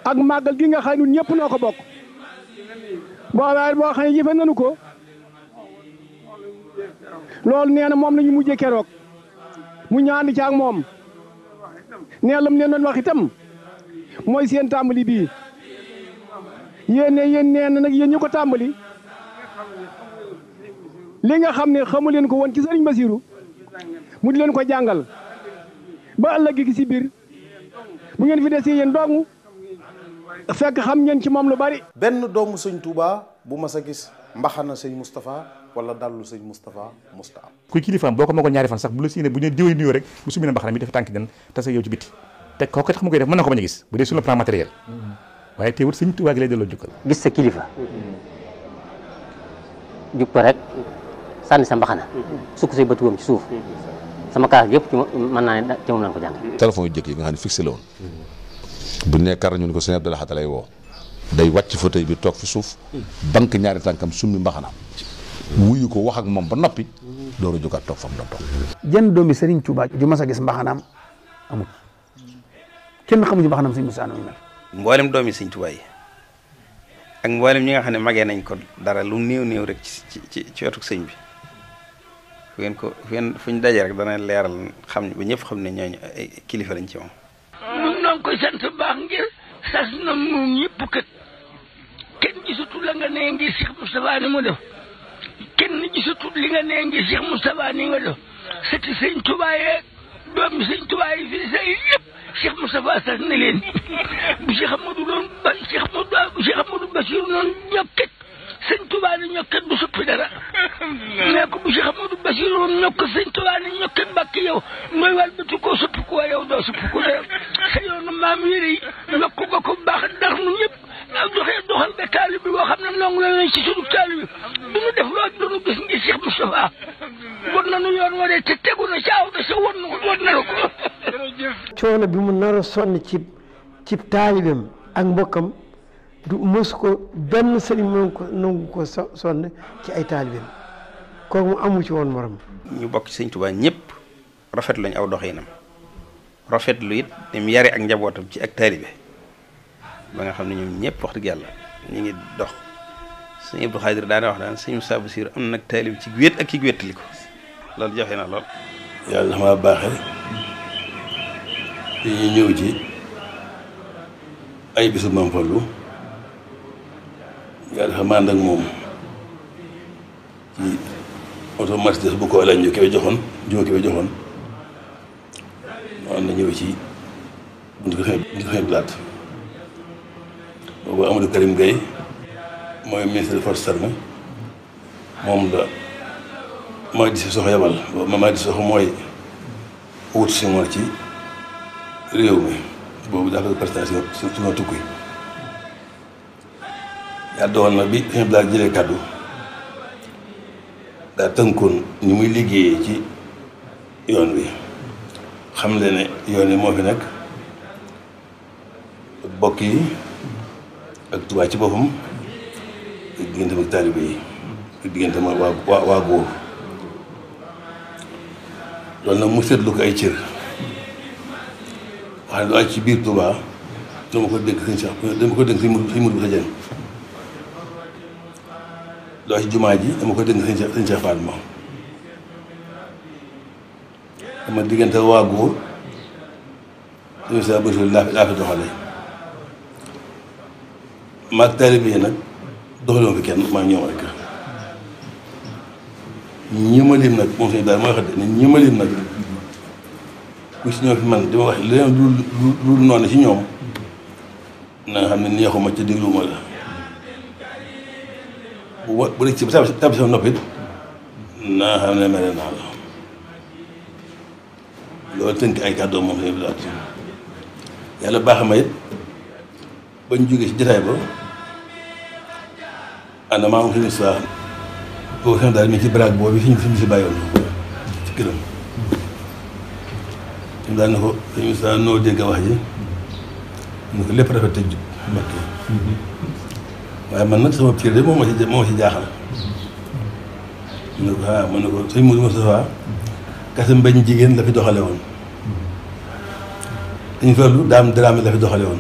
ak màggal gi nga xam ne ñëpp noo ko bokk boobaay boo xam ne jëfe ko loolu nee na moom la ñu mujjee keroog mu ñaandi ci ak moom nee lam nee noon wax mooy seen tàmbali bii yene ne yéen nee na nag yéen li nga xamne ne xamu ko won ci serigne basirou mu di len ko jangal ba ëllëg gi ci bir bu ngeen fi dess yéen dong fekk xam ngeen ci mom lu bari. ben doomu serigne Touba bu ma sa gis mbaxana serigne mustapha wala dalu serigne mustapha mustapha ku kuy kilifaam boo ko ñaari fan sax bu la siine bu ne diwee nuyoo rek bu sumina mbaxana mi def tanki den sa yow ci biti te ko tax mu koy def mën nako ma gis bu dess sur le plan matériel mm-hmm waaye teewul seigne touba gi lay delo jukal gis sa kilifa. jub ko rek sànni sa mbaxana. sukk sey batuwam ci souf sama kaas yëpp ci man na ne ci mom lañ ko jang telephone jeuk yi nga xani ne fixé lawon bu ñu kar ñun ko seigne abdallah Lahad lay woo. day wacc fauteuil bi tok fi souf bank ñaari tankam summi mbaxana. wuyu ko wax ak mom ba nopi dooro a tok fam do tok jenn Touba ju mas gis mbaxanaam amul kenn ci mbaxanaam seigne Moussa no mboolem doomi sëñ Tuubaa ak mboolem ñi nga xam ne magee nañ ko dara lu néew néew rek ci ci sëñ bi fu ko fu ñu daje rek dana leeral xam ba ñëpp xam ne ñooñu ay kilifa lañ ci moom. ñun ñoo koy sant baax ngir sas na ñun ñëpp kat kenn gisatu la nga nee ngir Cheikh Moustapha ni mu def kenn gisatu li nga nee ngir Cheikh Moustapha ni nga def sëti sëñ Tuubaa doomi sëñ Tuubaa fii sa Cheikh Moustapha Sall ne leen bu Cheikh Amadou doon ba Cheikh Amadou Cheikh Amadou Bachir noonu ñokket sëñ Tuubaa ne ñokket du soppi dara. ne ko bu Cheikh Amadou Bachir noonu ñokket sëñ Tuubaa ne ñokket mbàkk yow mooy wàll bëtu koo soppi ko waaye yow doo soppi ko dara sa yoonu maam yére a yokk ko ko baax ndax ñun ba taali bi boo xam ne nangu yoon waree te tegu na caaw na sa war na ko coono bi mu nar a sonn ci ci taalibeem ak mbokkam du mësu ko benn sëriñ mën ko nangu ko sonn ci ay taalibeem kooku mu amu ci woon morom ñu bokk ci sëñ Tuubaa ñëpp rafet lañ aw dox doxinam rafet lu it dem yare ak njabootam ci ak taalibe ba nga xam ne ñoom ñëpp wax dëgg yàlla ñu ngi dox sëñ Abdou Xaadir daana wax daan sëñ saabu Bassir am nag taalib ci wéet ak ki wéttali ko loolu joxe na lool yàlla na ma baaxee dañuy ñëw ci ay bisu Maam Fallu nga dafa mànd moom ci oto Mercedes bu ko alañ ñu joxoon jóo koy joxoon maa na ñëw ci buntu ko buntu ko laat boobu Amadou Karim Gueye mooy ministre des forces armées moom la Madi Sissoko yabal Madi Sissoko mooy wut si moom ci réew mi boobu dafa prestation surtout ma tukki yàlla na bi sëñ Blaye jëlee kàddu daa tënkoon ni muy liggéeyee ci yoon wi xam le ne yoon wi moo fi nekk bokk yi ak Tuubaa ci boppam ak diggante ak taalibe yi diggante ak waa waa góor loolu nag mu seetlu ko ay cër waaye lu aj ci biir Touba dama ko dénk sëñ Cheikh dama ko dénk sëñ Modou sëñ Modou Bousso Dieng lu aj ci jumaa ji dama ko dénk sëñ Cheikh sëñ Cheikh Fall ma dama diggante waa góor sëñ Cheikh Bousso laa fi laa fi doxale maag taalibe yi nag doxalewuma fi kenn maa ñoom rek ñi ma lim nag moom sëñ daal mooy wax de ñi ma lim nag bu si ñëw fi man di ma wax lu lu lu noonu ci ñoom na nga xam ne neexuma ca dégluwuma la bu wa bu dee ci tab tab sama nopp it na nga xam ne mere naa la loolu tënk ay kàddu moom la ñu doon yàlla baax ma it bañ jógee ci jotaay ba ànd maa ngi fi mu si waax boobu daal mi ci baraag boobu fi ñu fi ñu si bàyyoon ci këram. daan na ko noo dégg wax ji mu ko lépp rafet te jub waaye man na sama piir de moom moo ci moo ci jaaxal mu ne ko ah mu ne ko sëñ Moussa Moustapha jigéen la fi doxale woon dañu toll daam daraame la fi doxale woon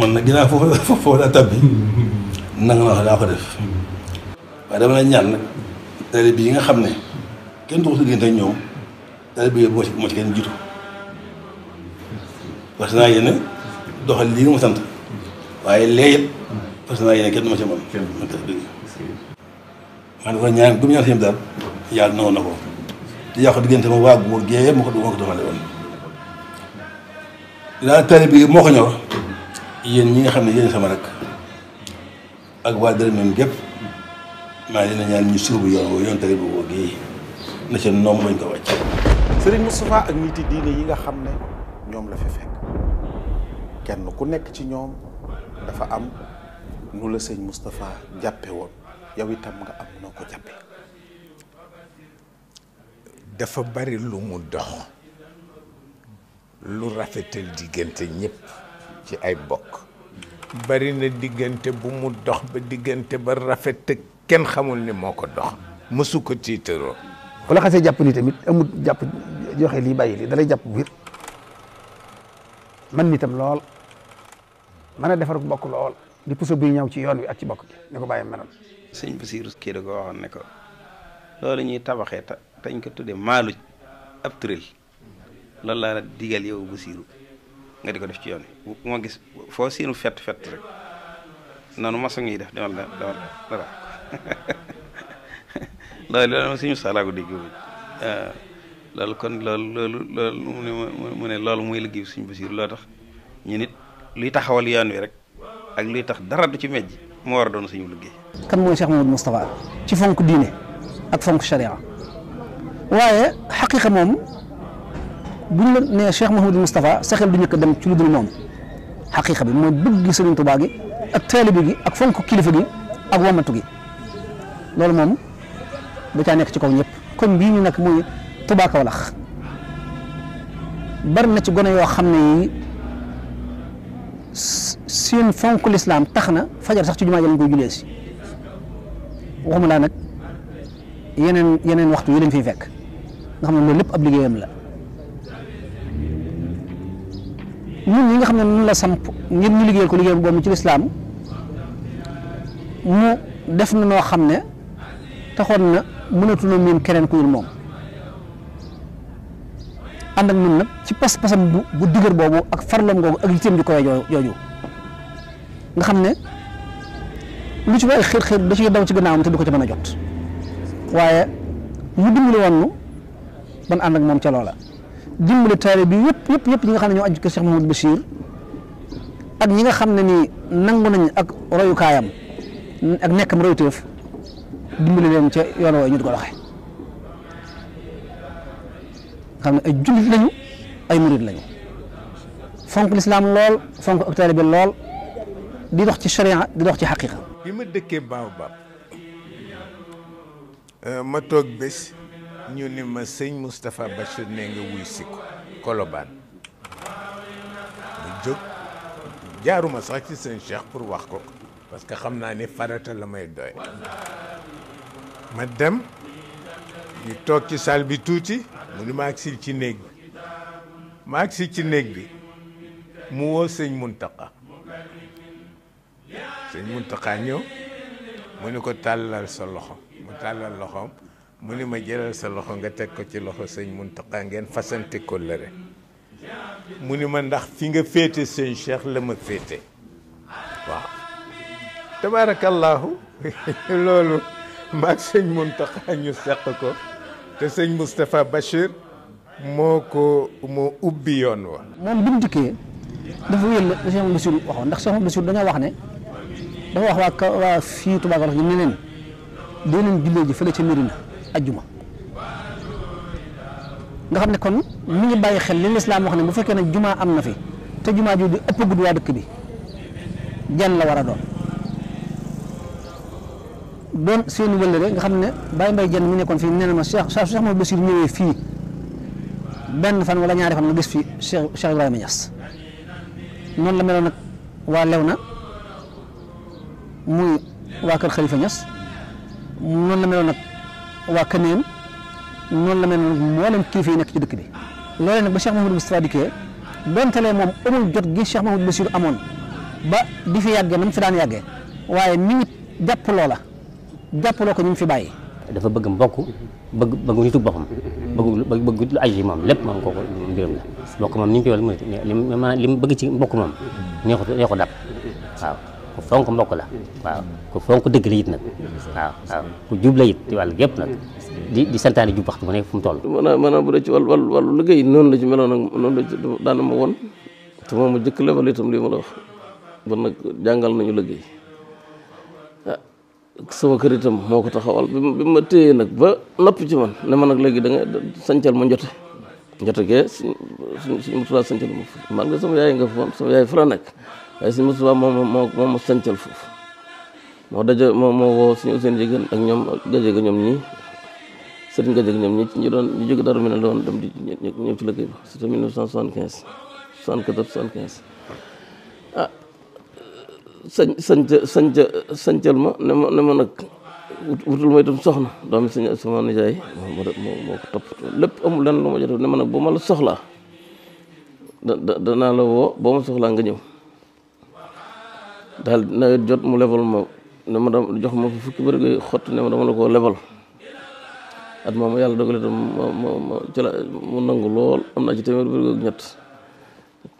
man nag ginnaaw foofu foofu foofu daa tabbi nanga na wax daa ko def waaye dama la ñaan nag bii nga xam ne kenn du ko si diggante ak taalibe bi moo ci moo ci kenn jiitu parce que naa yéen doxal lii mu sant waaye lee parce que naa yéen kenn du ci mën. kenn du ma na ko te yàqu diggante ma waa moo ko ñor yéen ñi nga xam ne yéen sama rek ak waa Darmeen gépp maa ngi leen ñaan ñu suubu yoon yoon boobu gii na ca noom bañ ko wàcc. Serigne Moustapha ak niti diine yi nga xam ne ñoom la fi fekk kenn ku nekk ci ñoom dafa am nu la sëñ Moustapha jàppe woon yow itam nga am noo ko jàppe dafa bari lu mu dox lu rafetal diggante ñépp ci ay bokk bari na diggante bu mu dox ba diggante ba rafet te kenn xamul ni moo ko dox mësu ko tiitaroo bu la xasee jàpp ni tamit amul jàpp joxe lii bàyyi lii dalay jàpp bu wér man nitam lool mën a defar bokk lool di puso buy ñëw ci yoon wi ak ci bokk gi ni ko bàyyi meloon. sëñ Basiiru kii da ko waxoon ne ko loolu ñuy tabaxee ta tañ ko tuddee maaluj ab turel loolu laa la digal yow Basiiru nga di ko def ci yoon wi moo gis foo siinu fett fett rek noonu maçon yi def demal dara. loolu loolu ma suñu salaagu dégg ah, loolu kon loolu loolu loolu mu ne liggéey suñu basiir loo tax ñu nit luy taxawal yoon wi rek ak luy tax dara du ci mejj moo war a doon suñu liggéey kan mooy Cheikh Mamadou Moustapha ci fonk diine ak fonk sharia waaye xaqiqa moom buñ la nee Cheikh Mamadou Moustapha sa xel du dem ci lu dul moom xaqiqa bi mooy bëgg Sëriñ Tuubaa ak taalibe ak fonk kilifa gi ak wamatu gi loolu moom bu caa nekk ci kaw ñëpp koñ bii ñu nag muy Touba Kaolack bari na ci gone yoo xam ne yi seen fonk lislaam tax na fajar sax ci jumaa ji lañ koy julee si waxuma laa nag yeneen yeneen waxtu yi leen fiy fekk nga xam ne loolu lépp ab liggéeyam la ñun ñi nga xam ne nun la samp ngir ñu liggéeyal ko liggéeyam boobu ci lislaam mu def na noo xam ne taxoon na mënatuna miin keneen ku dul moom ànd ak ñun nag ci pas-pasam bu bu boobu ak farlam googu ak yitteem ju koy jooju nga xam ne lu ci waay xir xir da ciy daw ci gannaawam te du ko ci mën a jot waaye mu dimbali woon nu ban ànd ak moom ca loola dimbali taale bi yëpp yëpp yëpp ñi nga xam ne ñoo aju ko Cheikh Mouhamadou Bachir ak ñi nga xam ne nii nangu nañ ak royukaayam ak nekkam royuteef dimbali leen ca yoon woowu ñu di ko doxee xam ne ay jullit lañu ay murid lañu fonk lislaam lool fonk ak taalibe lool di dox ci sharia di dox ci xaqiqa bi ma dëkkee Baobab ma toog bés ñu ni ma sëñ Moustapha Bachir ne nga wuy si ko Kolobaan mu jóg jaaruma sax ci sëñ Cheikh pour wax ko parce que xam naa ne farata la may doy ma dem ñu toog ci salle bi tuuti mu ni ma agsi ci néeg bi ma agsi ci néeg bi mu woo sëñ Muntaqa sëñ Muntaqa ñëw mu ni ko tàllal sa loxo mu tàllal loxoom mu ni ma jëlal sa loxo nga teg ko ci loxo sëñ Muntaqa ngeen fasante kóllëre mu ni ma ndax fi nga féete sëñ Cheikh la ma féete waaw tabaarakallaahu loolu maag sëñ Mountakha ñu seq ko te sëñ Moustapha Bachir moo ko moo ubbi yoon wa moom bi mu dikkee dafa wéyal la Cheikh Mouhamadou Bassirou waxoon ndax Cheikh Mouhamadou Bassirou dañoo wax ne dafa wax waa ka waa fii Touba Gallas ñu ne leen dee nga xam ne kon mu ngi bàyyi xel li lislaam wax ne bu fekkee na jumaa am na fi te jumaa jooju ëpp gudd waa dëkk bi jan la war a doon doon seen wëllëre nga xam Baye Mbaye Diène mi nekkoon fii nee ma Cheikh saa Cheikh Mouhamed Bassir ñëwee fii benn fan wala ñaari fan nga gis fii Cheikh Cheikh Ibrahima Niass noonu la meloon nag waa Léona muy waa kër Khalifa Niass noonu la meloon nag waa Kaneen noonu la meloon nag mboolem kilifa yi ci dëkk bi loolee nag ba Cheikh Mouhamed Moustapha dikkee dontalee moom amul jot gi Cheikh Mouhamed Bassir amoon ba di fi nam fi daan yàggee waaye mi jàpp loola. jàppaloo ko ñu mu fi bàyyi. dafa bëgg mbokk bëgg bëgg nitu boppam bëgg bëgg lu aju ci moom lépp moom kooku mbiram la mbokk moom ni mu fi wàllu maanaam li mu bëgg ci mbokk moom neexu neexu dab waaw ku fonk mbokk la waaw ku fonk dëgg la it nag waaw waaw ku jub la it ci wàllu gépp nag di di santaane jub waxtu bu nekk fu mu toll maanaam maanaam bu dee ci wàllu wàllu wàllu liggéey noonu la ci meloon ak noonu la ci daana ma woon te moom ma jëkk lebal itam lii ma la wax bon nag jàngal nañu liggéey sama kër tam moo ko taxawal bi bi ma téye nag ba noppi ci man ne ma nag léegi da nga sancal ma njote njote gee suñ suñ Moustapha sancal ma foofu man nga sama yaay nga foon sama yaay fara nekk waaye suñ Moustapha moom moo moo ma sancal foofu moo daje moo moo woo suñu seen jigéen ak ñoom gajega ñoom ñii sëriñ gajeg ñoom ñi ñu doon ñu jóge daru mi ne doon dem di ñëw ci lëkkëy ba c'était mille neuf cent soixante quinze soixante quatorze quinze sëñ sëñ sëñ sëñcal ma ne ma ne ma nag wutul ma itam soxna doom sëñ sama nijaay moo moo ko topp lépp amul lenn lu ma jot ne ma nag nawet jot mu lebal ma ne ma jox ma fukki bëri ngay xott ne ma dama la koo lebal at moom yàlla dogale tam ma mu nangu lool am naa ci téeméer bëri ak ñett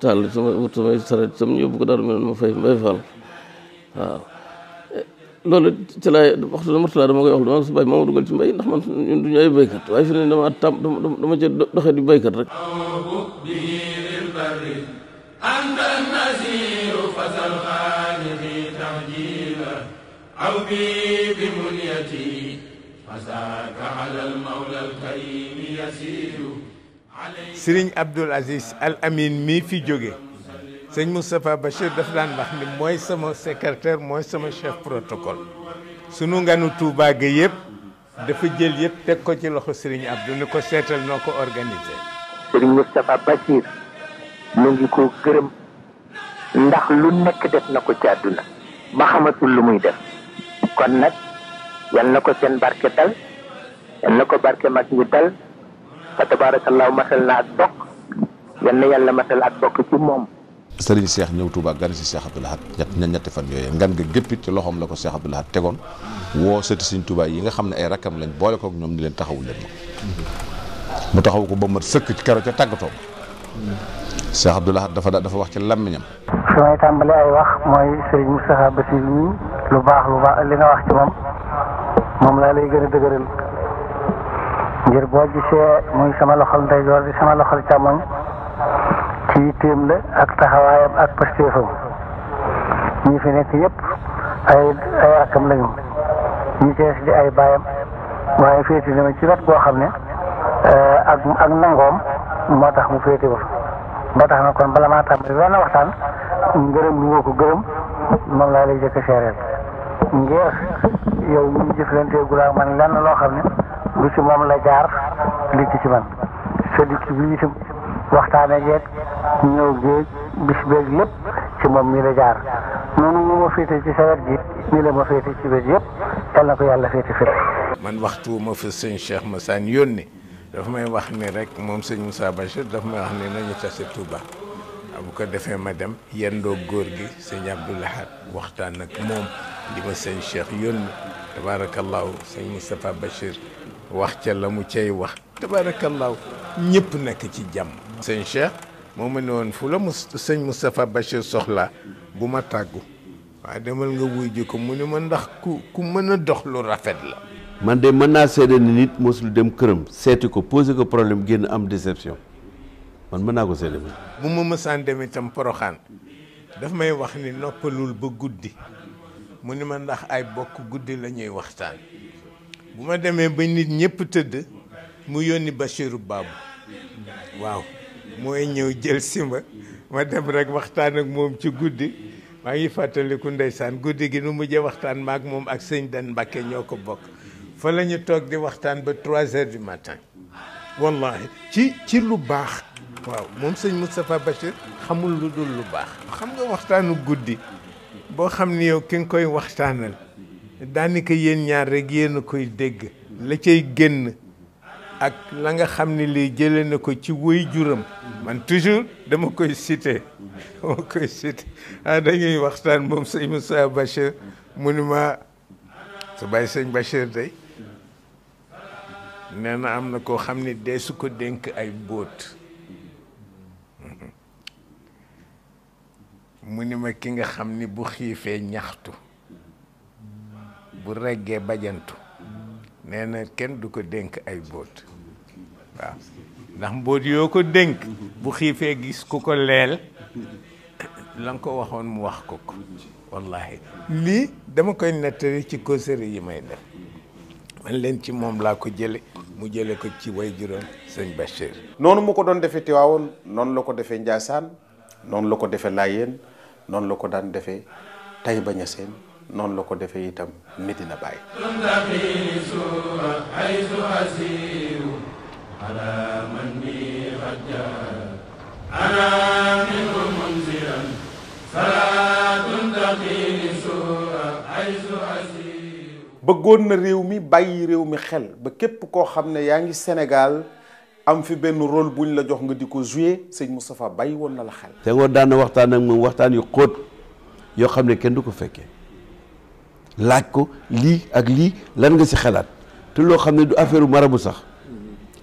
taal sama wut samay saret sam ñu yóbbu ko daal ma fay mbay faal waaw loolu ci laay waxtu martulaa dama koy wax dama su bay moo ma dugal ci mbay ndax man ñun duñu ay béykat waaye fi ne dama tam dama ci doxee di béykat rek Sëriñ Abdul Aziz Al Amin mii fi jóge sëñ Moustapha Bachir daf lan wax ni moy sama secrétaire moy sama chef protocole sunu nganu Touba ge yeb dafa jël yeb tek ko ci loxo Serigne Abdou ni ko sétal noko organiser organisé. Serigne Moustapha Bachir mo ngi ko gërem ndax lu nek def nako ci aduna ba xamatul lu muy def kon nak yal nako sen barke dal yal nako barke mak ñi dal fa tabarakallahu matal na ak bokk yal na yàlla matal ak ci mom sëriñ seex ñëw Touba gan si Cheikh Abdoul ñett ñetti fan yooyu ngan nga géppit ci loxoom la ko Cheikh Abdoul Ahad tegoon woo sëti sëriñ Touba yi nga xam ne ay rakkam lañ boole kook ñoom ni leen taxawu leen ma mu taxaw ko ba mat sëkk ci karo ca tàggatoo Cheikh Abdoul Ahad dafa dafa wax ci làmmiñam su may tàmbale ay wax mooy sëriñ Moustapha Basir yi lu baax lu baax li nga wax ci moom moom laa lay gën a dëgëral ngir boo gisee muy sama loxol ndeyjoor sama loxol càmmoñ ci téem la ak taxawaayam ak pastéefam ñi fi nekk yëpp ay ay rakkam lañu ñi ci des di ay baayam waaye féete na ci wet boo xam ne euh, ak ak nangoom moo tax mu féete ba ba tax na kon bala maa tàmbali benn waxtaan ngërëm lu nga ko gërëm moom laa lay jëkk a seereel ngir yow mi ñu jëflanteegul ak man lenn loo xam ne lu ci moom la jaar li ci ci man sa dikk bi itam waxtaan ak ñëw géeg bis beeg ci moom mi la jaar noonu ñu ma ci sa gi ni la ma féete ci wet yëpp yal na ko yàlla féete man waxtu ma fa sëñ Cheikh Massane yónni dafa may wax ni rek moom sëñ Moussa Bachir dafa may wax ni nañu tase Touba bu ko defee ma dem yendoo góor gi sëñ Abdou waxtaan ak moom li ma sëñ Cheikh yónni tabaarakallaahu sëñ Moustapha Bachir wax ca la mu cay wax tabaarakallaahu ñëpp nekk ci jàmm sëñ Cheikh moo ma ne woon fu la mu sëñ Moustapha Bachir soxla bu ma tàggu waaye demal nga wuy ko mu ne ma ndax ku ku mën a dox lu rafet la. man de mën naa seede ni nit mosul dem këram seeti ko posé ko problème génn am déception man mën naa ko seede. mu ma mësaan dem itam poroxaan daf may wax ni noppalul ba guddi mu ni ma ndax ay bokk guddi lañuy waxtaan bu ma demee ba nit ñëpp tëdd mu yónni Bachirou Babou waaw. mooy ñëw jël si ma ma dem rek waxtaan ak moom ci guddi maa ngi fàttaliku ndeysaan guddi gi nu mujjee waxtaan maak moom ak sëñ Dan Mbàkke ñoo ko bokk fa lañu ñu toog di waxtaan ba trois heures du matin wallahi ci ci lu baax waaw moom sëñ Moustapha Bachir xamul lu dul lu baax xam nga waxtaanu guddi boo xam ni yow ki nga koy waxtaanal daanaka yéen ñaar rek yéen a koy dégg la cay génn ak la nga xam ne lii jële na ko ci wéy juram man toujours dama koy cité dama koy cité ah dañuy waxtaan moom sëñ Moussa Bachir mu ni ma sa bàyyi sëñ Bachir day nee na am na koo xam ne dee su ko dénk ay bóot mu ki nga xam ni bu xiifee ñaxtu bu reggee bajantu nee na kenn du ko dénk ay bóot ndax mbóot yoo ko dénk bu xiifee gis ku ko leel la ko waxoon mu wax ko ko wallahi lii dama koy nettali ci causerie yi may def man leen ci moom laa ko jële mu jële ko ci way juróom sëñ Bachir noonu mu ko doon defee Tiwaawoon noonu la ko defee Njaasaan noonu la ko defee Laayeen noonu la ko daan defee Tayba Ñaseen noonu la ko defee itam Medina Baay على من بي قد جاء أنا منه منزلا فلا تنتقي سوء حيث أسير bëggoon na réew mi bàyyi réew mi xel ba képp koo xam ne yaa ngi Sénégal am fi benn rôle buñ la jox nga di ko joué sëñ Moustapha bàyyi woon na la xel. te ngoon daan na waxtaan ak moom waxtaan yu xóot yoo xam ne kenn du ko fekkee laaj ko lii ak lii lan nga si xalaat te loo xam ne du affaire marabu sax.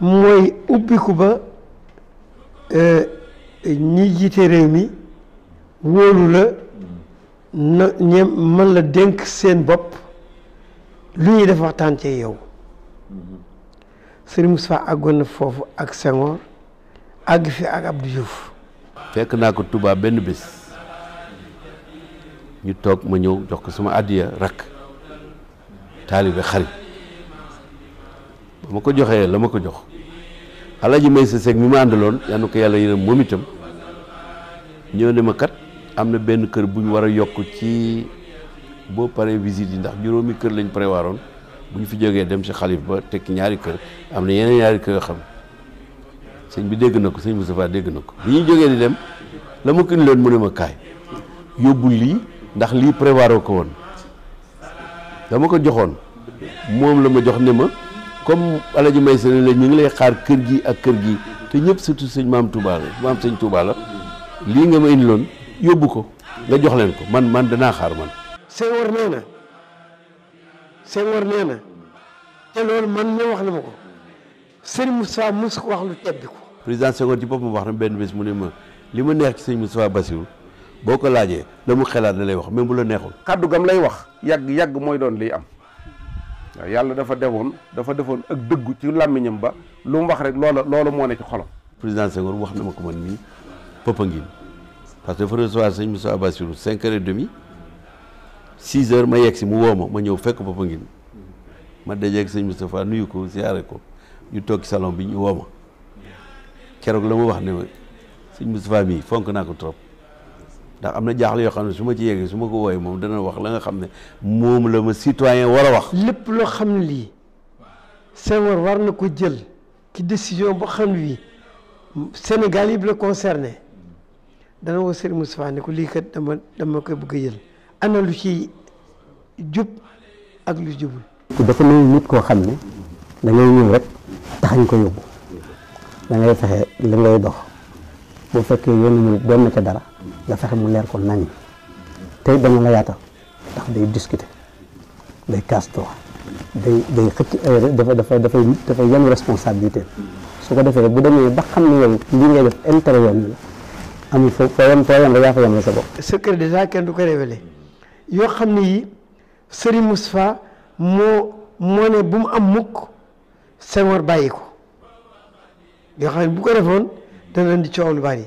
mooy ubbiku ba eh, ñi jiite réew mi wóolu la na ñe mën la dénk seen bopp lu ñuy def waxtaan cee yow Serigne Moustapha àggoon foofu ak Senghor àgg fi ak ab Diouf fekk naa ko tubaab benn bés ñu toog ma ñëw jox ko sama àddiya rakk taalibe xarit ma ko joxee la ma ko jox Alaaji Maysa Seck mi ma àndaloon yal na ko yàlla yërëm moom itam ñoo ne ma kat am na benn kër buñ war a yokk ci boo paree visite yi ndax juróomi kër lañ préwaroon bu ñu fi jógee dem si xalif ba tekki ñaari kër am na yeneen ñaari kër yoo xam sëñ bi dégg na ko sëñ Moustapha dégg na ko bi ñuy jógee di dem la ma ko indi leen mu ne ma kaay yóbbu lii ndax lii prévoir ko woon dama ko joxoon moom la ma jox ne ma comme Alaaji Mbay Sëri la ñu ngi lay xaar kër gi ak kër gi te ñëpp surtout sëñ maam Touba la maam sëñ Touba la lii nga ma indi loon yóbbu ko nga jox leen ko man man danaa xaar man. Senghor nee na Senghor nee na te loolu man ñoo wax na ma ko sëñ Moussa mos ko wax lu tebbi ko. président Senghor ci boppam wax na benn bés mu ne ma li ma neex ci sëñ Moussa Bassirou boo ko laajee la mu xelaat da lay wax même bu la neexul. kàddu gam lay wax yàgg yàgg mooy doon liy am. waaw yàlla dafa defoon dafa defoon ak dëggu ci làmmiñam ba lu mu wax rek loola loolu moo ne ci xolam. président Senghor wax na ma ko man mii Popenguine parce que dafa recevoir sëñ Moussa basiru cinq heures et demi six heures ma yegg si mu woo ma ma ñëw fekk Popenguine ma dajeeg sëñ Moustapha nuyu ko siyaare ko ñu toog ci salon bi ñu woo ma keroog la ma wax ne ma sëñ mii fonk naa ko trop. ndax am na jaaxle yoo xam ne su ma ci su ma ko wooyee moom dana wax la nga xam ne moom la ma citoyen war a wax. lépp loo xam ne lii Senghor war na ko jël ci décision boo xam ne bii Sénégal la concerné dana woo Serigne Moustapha ne lii kat dama dama koy bëgg a jël ana lu ci ak lu jubul. dafa nuyu nit koo xam ne da rek taxañ ko yóbbu da ngay fexe li ngay dox boo fekkee yoonu mu doon na ca dara. nga fexe mu leer ko nañ tey bañ la yaatal ndax day discuter day casse droit day day xëcc euh, dafa dafa dafay dafa yan responsabilité su ko defee bu demee ba xam ne yow lii ngay def intérêt yoon bi la amul foo foo sa bopp. secret déjà du ko révélé yoo xam ne yi Serigne Moustapha moo moo ne bu mu am mukk Senghor bàyyi ko yoo xam ne bu ko defoon dana leen di coow lu bari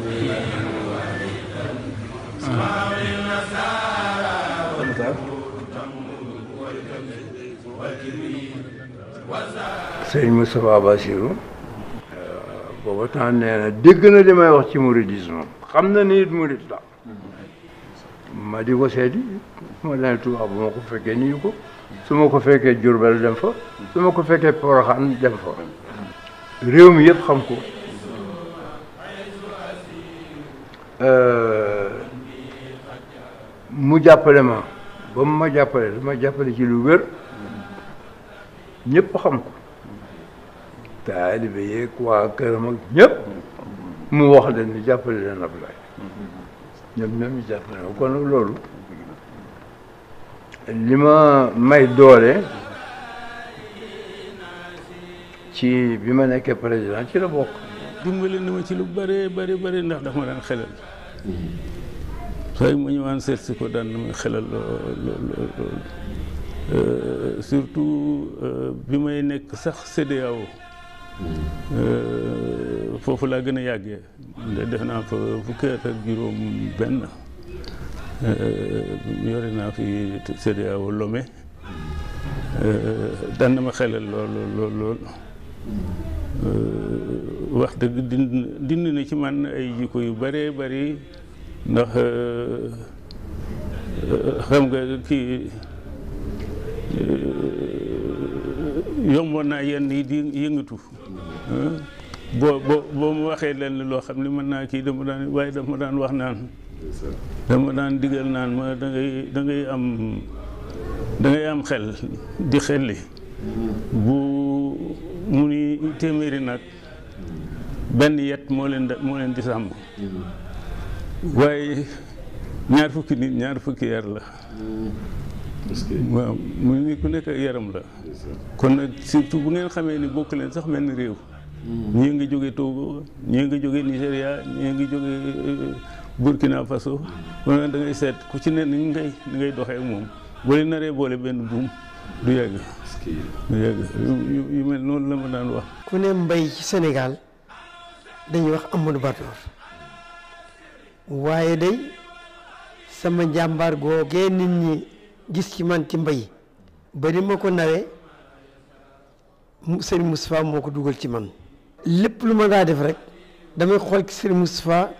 سيدي موسى بابا سيرو بابا تان نانا دغنا دي ماي واخ سي موريديزم خمنا نيت موريد لا ما دي كو سيدي ما لا تو ابو مكو فكي نيكو سما كو فكي جوربل دم فو سما كو فكي بورخان دم فو ريوم ييب خمكو Euh, mu jàppale ma ba mu ma jàppale ma jàppale ci lu wér ñëpp xam ko taalibe yeeg waa këram ak mu wax leen ni jàppale leen Ablaye ñoom ñoom ñu jàppale ma kon loolu li ma may doole ci bi ma nekkee président ci la bokk dimbali na ma ci lu bare bari bari ndax daf ma daan xëy mu ñëwaan seet si ko daan may xelal surtout bi may nekk sax CEDEAO foofu laa gën a yàggee def naa fa fukki at ak juróom benn yore naa fi CEDEAO Lomé daan na ma xelal lool lool lool Euh, wax dëgg dind na ci man ay jikko yu bëree bëri ndax euh, euh, xam nga kii yomboon naa yenn yi di yëngatu boo boo boo mu waxee lenn loo xam ne mën naa kii dama daan waaye dama daan wax naan dama daan digal naan ma da dangay da am da ngay am xel di xelli bu mu ni téeméeri nag benn yet moo leen moo leen di sàmm waaye ñaar fukki nit ñaar fukki yar la waaw mu ni ku nekk yaram la kon nag surtout bu ngeen xamee ni bokk leen sax mel ni réew ñii ngi jóge Togo ñii ngi jóge Nigéria ñii nga jóge eh, Burkina Faso kon nag da ngay seet ku ci ne ni ngay ni ngay doxee ak moom boole naree boole benn buum du yàgg du yàgg yu mel noonu la ma naan wax ku ne mbay ci Sénégal dañuy wax Amadou Batoor waaye day sama jàmbaar googee nit ñi gis ci man ci mbay ba di ma ko nawee Sëriñ Moustapha moo ko dugal ci man lépp lu ma ngaa def rek damay xool ci Sëriñ Moustapha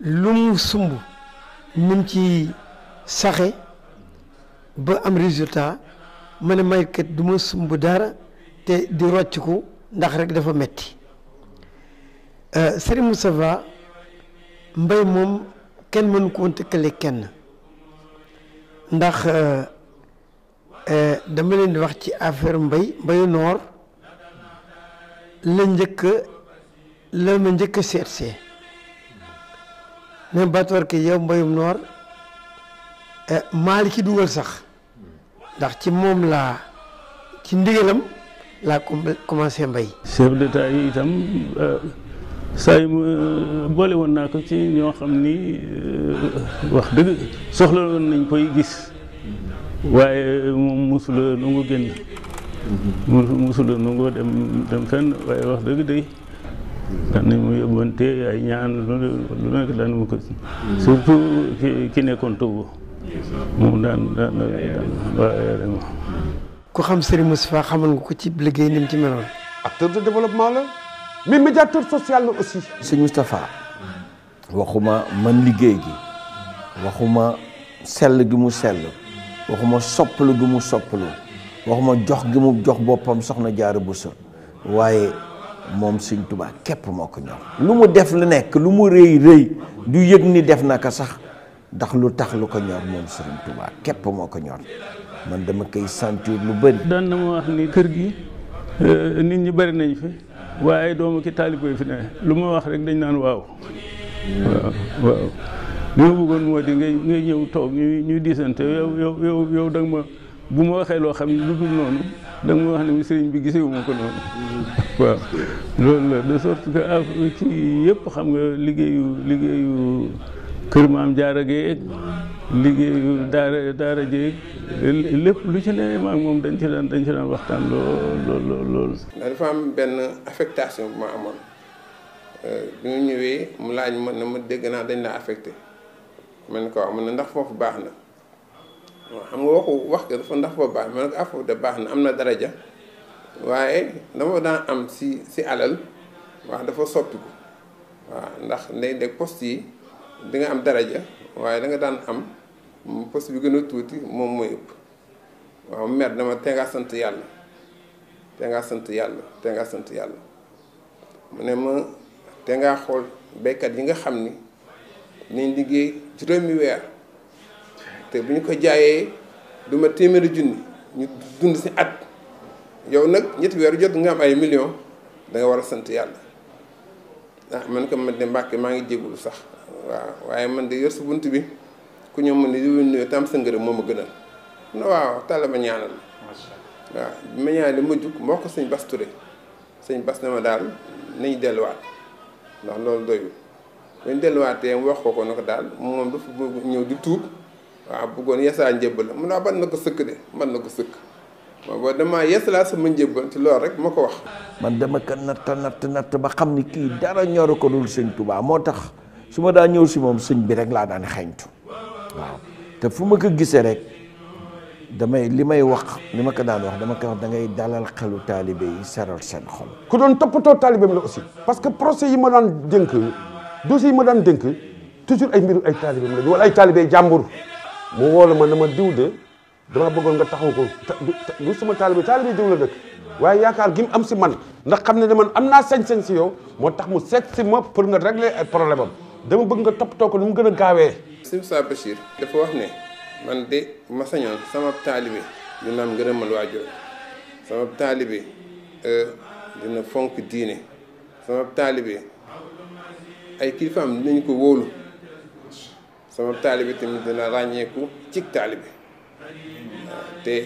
lu mu sumb ni mu ci saxe ba am résultat ma ne may kat du ma sumb dara te di rocciku ndax rek dafa metti euh, Serigne Moustapha mbay moom kenn mënu ko woon tëkkale kenn ndax euh, euh, dama leen di wax ci affaire mbay mbayu noor la njëkk la ma njëkk a seetsee mais batoor ke yow mbayum noor maal ki dugal sax ndax ci moom laa ci ndigalam laa commencé mbay chef d'état yi itam euh, saa yu euh, boole woon naa ko ci ñoo xam ni euh, wax dëgg soxla woon nañ koy gis waaye moom mosula nangu génn mosula nangoo dem dem fenn waaye wax dëgg day daan mu yóbbante ay ñaan lu nekk daan mu ko surtout ki nekkoon Togo moom daan daan daan ku xam Serigne Moustapha xamal nga ko ci liggéey ni mu ci meloon. acteur de développement la mais médiateur social la aussi. Serigne Moustapha waxuma man liggéey gi waxuma sell gi mu sell waxuma soppalu gi mu soppalu waxuma jox gi mu jox boppam soxna Diarra Bousso waaye. moom Sëñ Tuubaa képp moo ko ñor lu mu def lu nekk lu mu rëy rëy du yëg ni def na ko sax ndax lu tax lu ko ñor moom Serigne Touba képp moo ko ñor man dama koy sentir lu bëri. dan na ma wax ni kër gi eh, nit ñi bari nañ fi waaye doomu ki taalibe fi ne lu ma wax rek dañ naan waaw waaw waaw li ma bëggoon moo di ngay ngay ñëw toog ñuy ñuy diisante yow yow yow yow da ma bu ma waxee loo xam ne lu dul noonu da ma wax ne sëriñ bi gisee ma ko noonu waaw loolu la de sorte que ci yépp xam nga liggéeyu liggéeyu kër maam jaara géeg liggéeyu daara daara jéeg lépp lu ci ne maam moom dañ ci daan dañ ci daan waxtaan lool lool lool lool. dafa am benn affectation bu ma amoon bi mu ñëwee mu laaj ma ne ma dégg naa dañ la affecté ma ko waaw ma ndax foofu baax na waaw xam nga ndax foofu baax na ah, de baax na am na daraja waaye dama daan si si alal waaw dafa soppiku waaw ndax ndey de poste yi. di nga am daraja waaye danga daan am poste bi gën a tuuti moom mooy ëpp waaw mer dama tee sant yàlla tee sant yàlla tee ngaa mu ne ma te ngaa xool baykat yi nga xam ni nañ liggéey juróomi weer te bu ñu ko jaayee du ma téeméeri junni ñu dund si at yow nag ñetti weer jot nga am ay million da nga war a sant yàlla ah man ko man de mbàkke maa ngi jégul sax waaw waaye man de yor su bunt bi ku ñëw man di nuyu tam sa ngërëm moo ma gënal na waaw tàlla ma ñaanal waaw bi ma ñaanal jug ma ko sëñ Bas Touré sëñ Bas na ma daal nañu delluwaat ndax loolu doyul bañ delluwaatee mu wax ko ko na daal moom dafa bëgg ñëw di tuub waaw bëggoon yeesaa njëbbal la mun naa ban na ko sëkk de man na ko sëkk waaw boo damaa yeesalaa sama njëbbal ci loolu rek ma ko wax man dama ko natt natt natt ba xam ni kii dara ñoru ko dul sëñ moo tax su ma daan ñëw si moom sëñ bi rek laa daan xeeñtu waaw te fu ma ko gisee rek damay li may wax li ma ko daan wax dama koy wax da ngay dalal xelu taalibe yi seral seen xol. ku doon toppatoo taalibeem la aussi parce que procès yi ma daan dénk dossiers yi ma daan dénk toujours ay mbiru ay taalibeem la wala ay taalibe jàmbur mu woo la ma na ma diw de dama bëggoon nga taxaw ko du sama taalibe taalibe diw la dëkk waaye yaakaar gi mu am si man ndax xam ne dama am naa sañ-sañ si yow moo tax mu seet si ma pour nga régler ay problème am dama bëgg nga toppatoo ko nu mu gën a gaawee. Sëñ Moussa Bachir dafa wax ne man de ma sañoon sama taalibe dina am ngërëmal waajur sama taalibe euh, dina fonk diine sama taalibe ay kilifaam dinañ ko wóolu sama taalibe tamit dina ràññeeku ci taalibe waaw te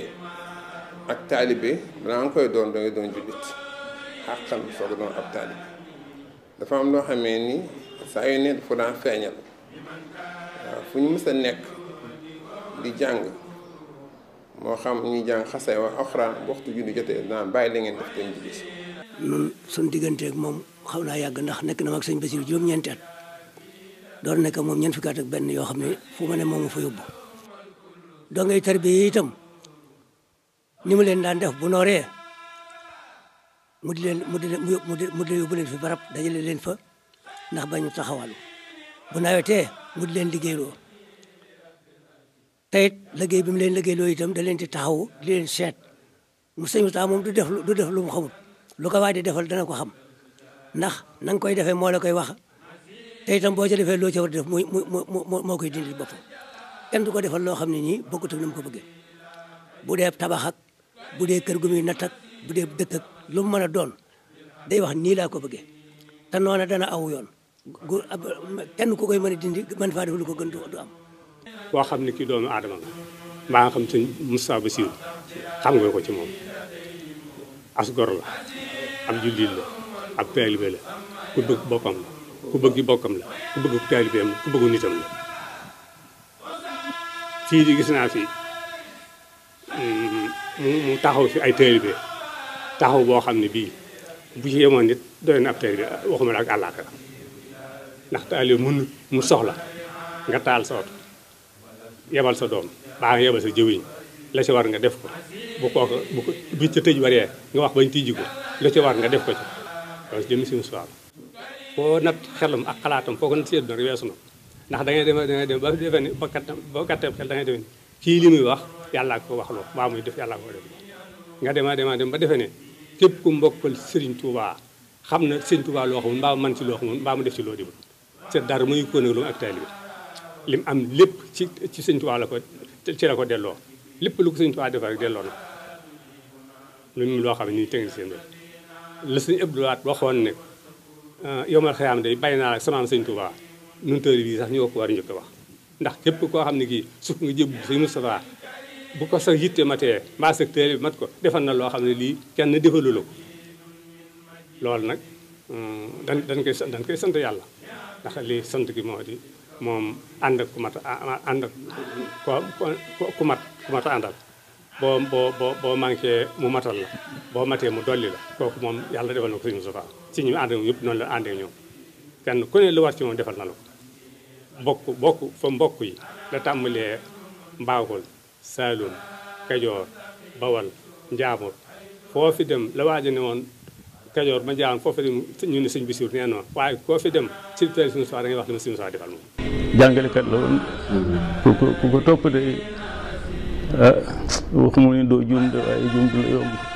ak taalibe balaa nga koy doon da nga doon jullit xàqam soog doon ab taalibe dafa am loo xamee ni. saa yu ne dafa daan feeñal waaw fu ñu mës a nekk di jàng moo xam ñuy jàng xasee wala alxuraan bu waxtu julli jotee daan bàyyi la ngeen def dañ julli si. suñu digganteeg moom xaw naa yàgg ndax nekk na ma sañ sëñ Basiru juróom-ñeenti at doon nekk moom ñeent fukki at benn yoo xam ne fu ma ne moom fa yóbbu. doo ngay tarbiya itam ni mu leen daan def bu nooree mu di leen mu di mu di mu di yóbbu leen fi barab dajale leen fa. ndax bañu taxawalu bu nawetee mu di leen liggéeyloo tayit liggéey bi mu leen liggéeyloo itam da leen di taxawu di leen seet mu sëñ Moussa moom du def du def lu mu xamul lu ko waay di defal dana ko xam ndax nan koy defee moo la koy wax te itam boo ca defee loo ca war a def muy moo koy dindi boppam kenn du ko defal loo xam ne nii bokkut ak na mu ko bëggee bu dee tabax ak bu dee kër gu muy natt ak bu dee dëkk ak lu mu mën a doon day wax nii laa ko bëggee te noona dana aw yoon góor kenn ku koy mën a dindi mën faa def lu ko gën du am. koo xam ne kii doomu aadama nga mbaa nga xam sëñ Moustapha Bassirou xam nga ko ci moom as la ab jullit la ab taalibe la ku bëgg la ku bëgg bokkam la ku bëgg taalibeem la ku bëggu nitam la fii di gis naa fi mm, mu taxaw fi ay taalibe taxaw boo xam ne bii bu ci yemoon nit doy na ab taalibe ak àllaaxira ndax taalibe mun mu soxla nga taal sa oto yebal sa doom ba nga yebal sa jëwiñ la ci war nga def ko bu ko bu ko bi ci tëj bari nga wax bañ tijji ko la ci war nga def ko ci loolu jëm si musuwaar ko nat xelam ak xalaatam foo ko nat seet rek weesu na ndax da ngay dem da ngay dem ba defee ni ba katam ba katam xel da ngay dem ki li muy wax yalla ko wax lo ba muy def yalla ko def nga demaa demaa dem ba defee ni kep ku mbokal Serigne Touba xamna Serigne Touba lo xamul ba man ci lo xamul ba mu def ci lo dibul te dara muy ko nag lu ak taalibe lim am lépp ci ci sëñ Tuubaa la ko ci la ko delloo lépp lu ko sëñ Tuubaa defar rek delloo na lu loo xam ne nii technicien la la sëñ Abdou Lahat ne ah, yomal xayaam day bàyyi naa ak sëñ Tuubaa nun tëri bi sax ñu ko war a njëkk wax ndax koo xam ne kii suuf nga jëm sëñ Moustapha ko sa yitte matee mbaa sa tëri mat ko defal na loo xam ne lii kenn defalu la ko loolu nag mm, dañ dañ koy dañ koy sant yàlla ndax lii sant gi moo moom ànd ak ku mat ànd ak ku mat ku mat àndal boo boo boo boo manqué mu matal boo matee mu dolli la kooku moom yàlla defal na ko suñu Moustapha si ñu ànd ak ñëpp noonu la àndee ñoom kenn ku ne lu war moom defal na la ko bokk bokk fa mbokk yi la tàmbalee Mbaaxul Saalum Kajoor Bawal Njaamur foo fi dem la waaja ne woon Kajoor ba Njaañ foofu ñu ne sëñ Basiiru nee na waaye koo fi dem ci teel suñu soir da ngay wax li ma suñu soir defal moom. jàngalekat la woon ku ko ku ko topp de ah waxuma doo juum de waaye juum du la yomb.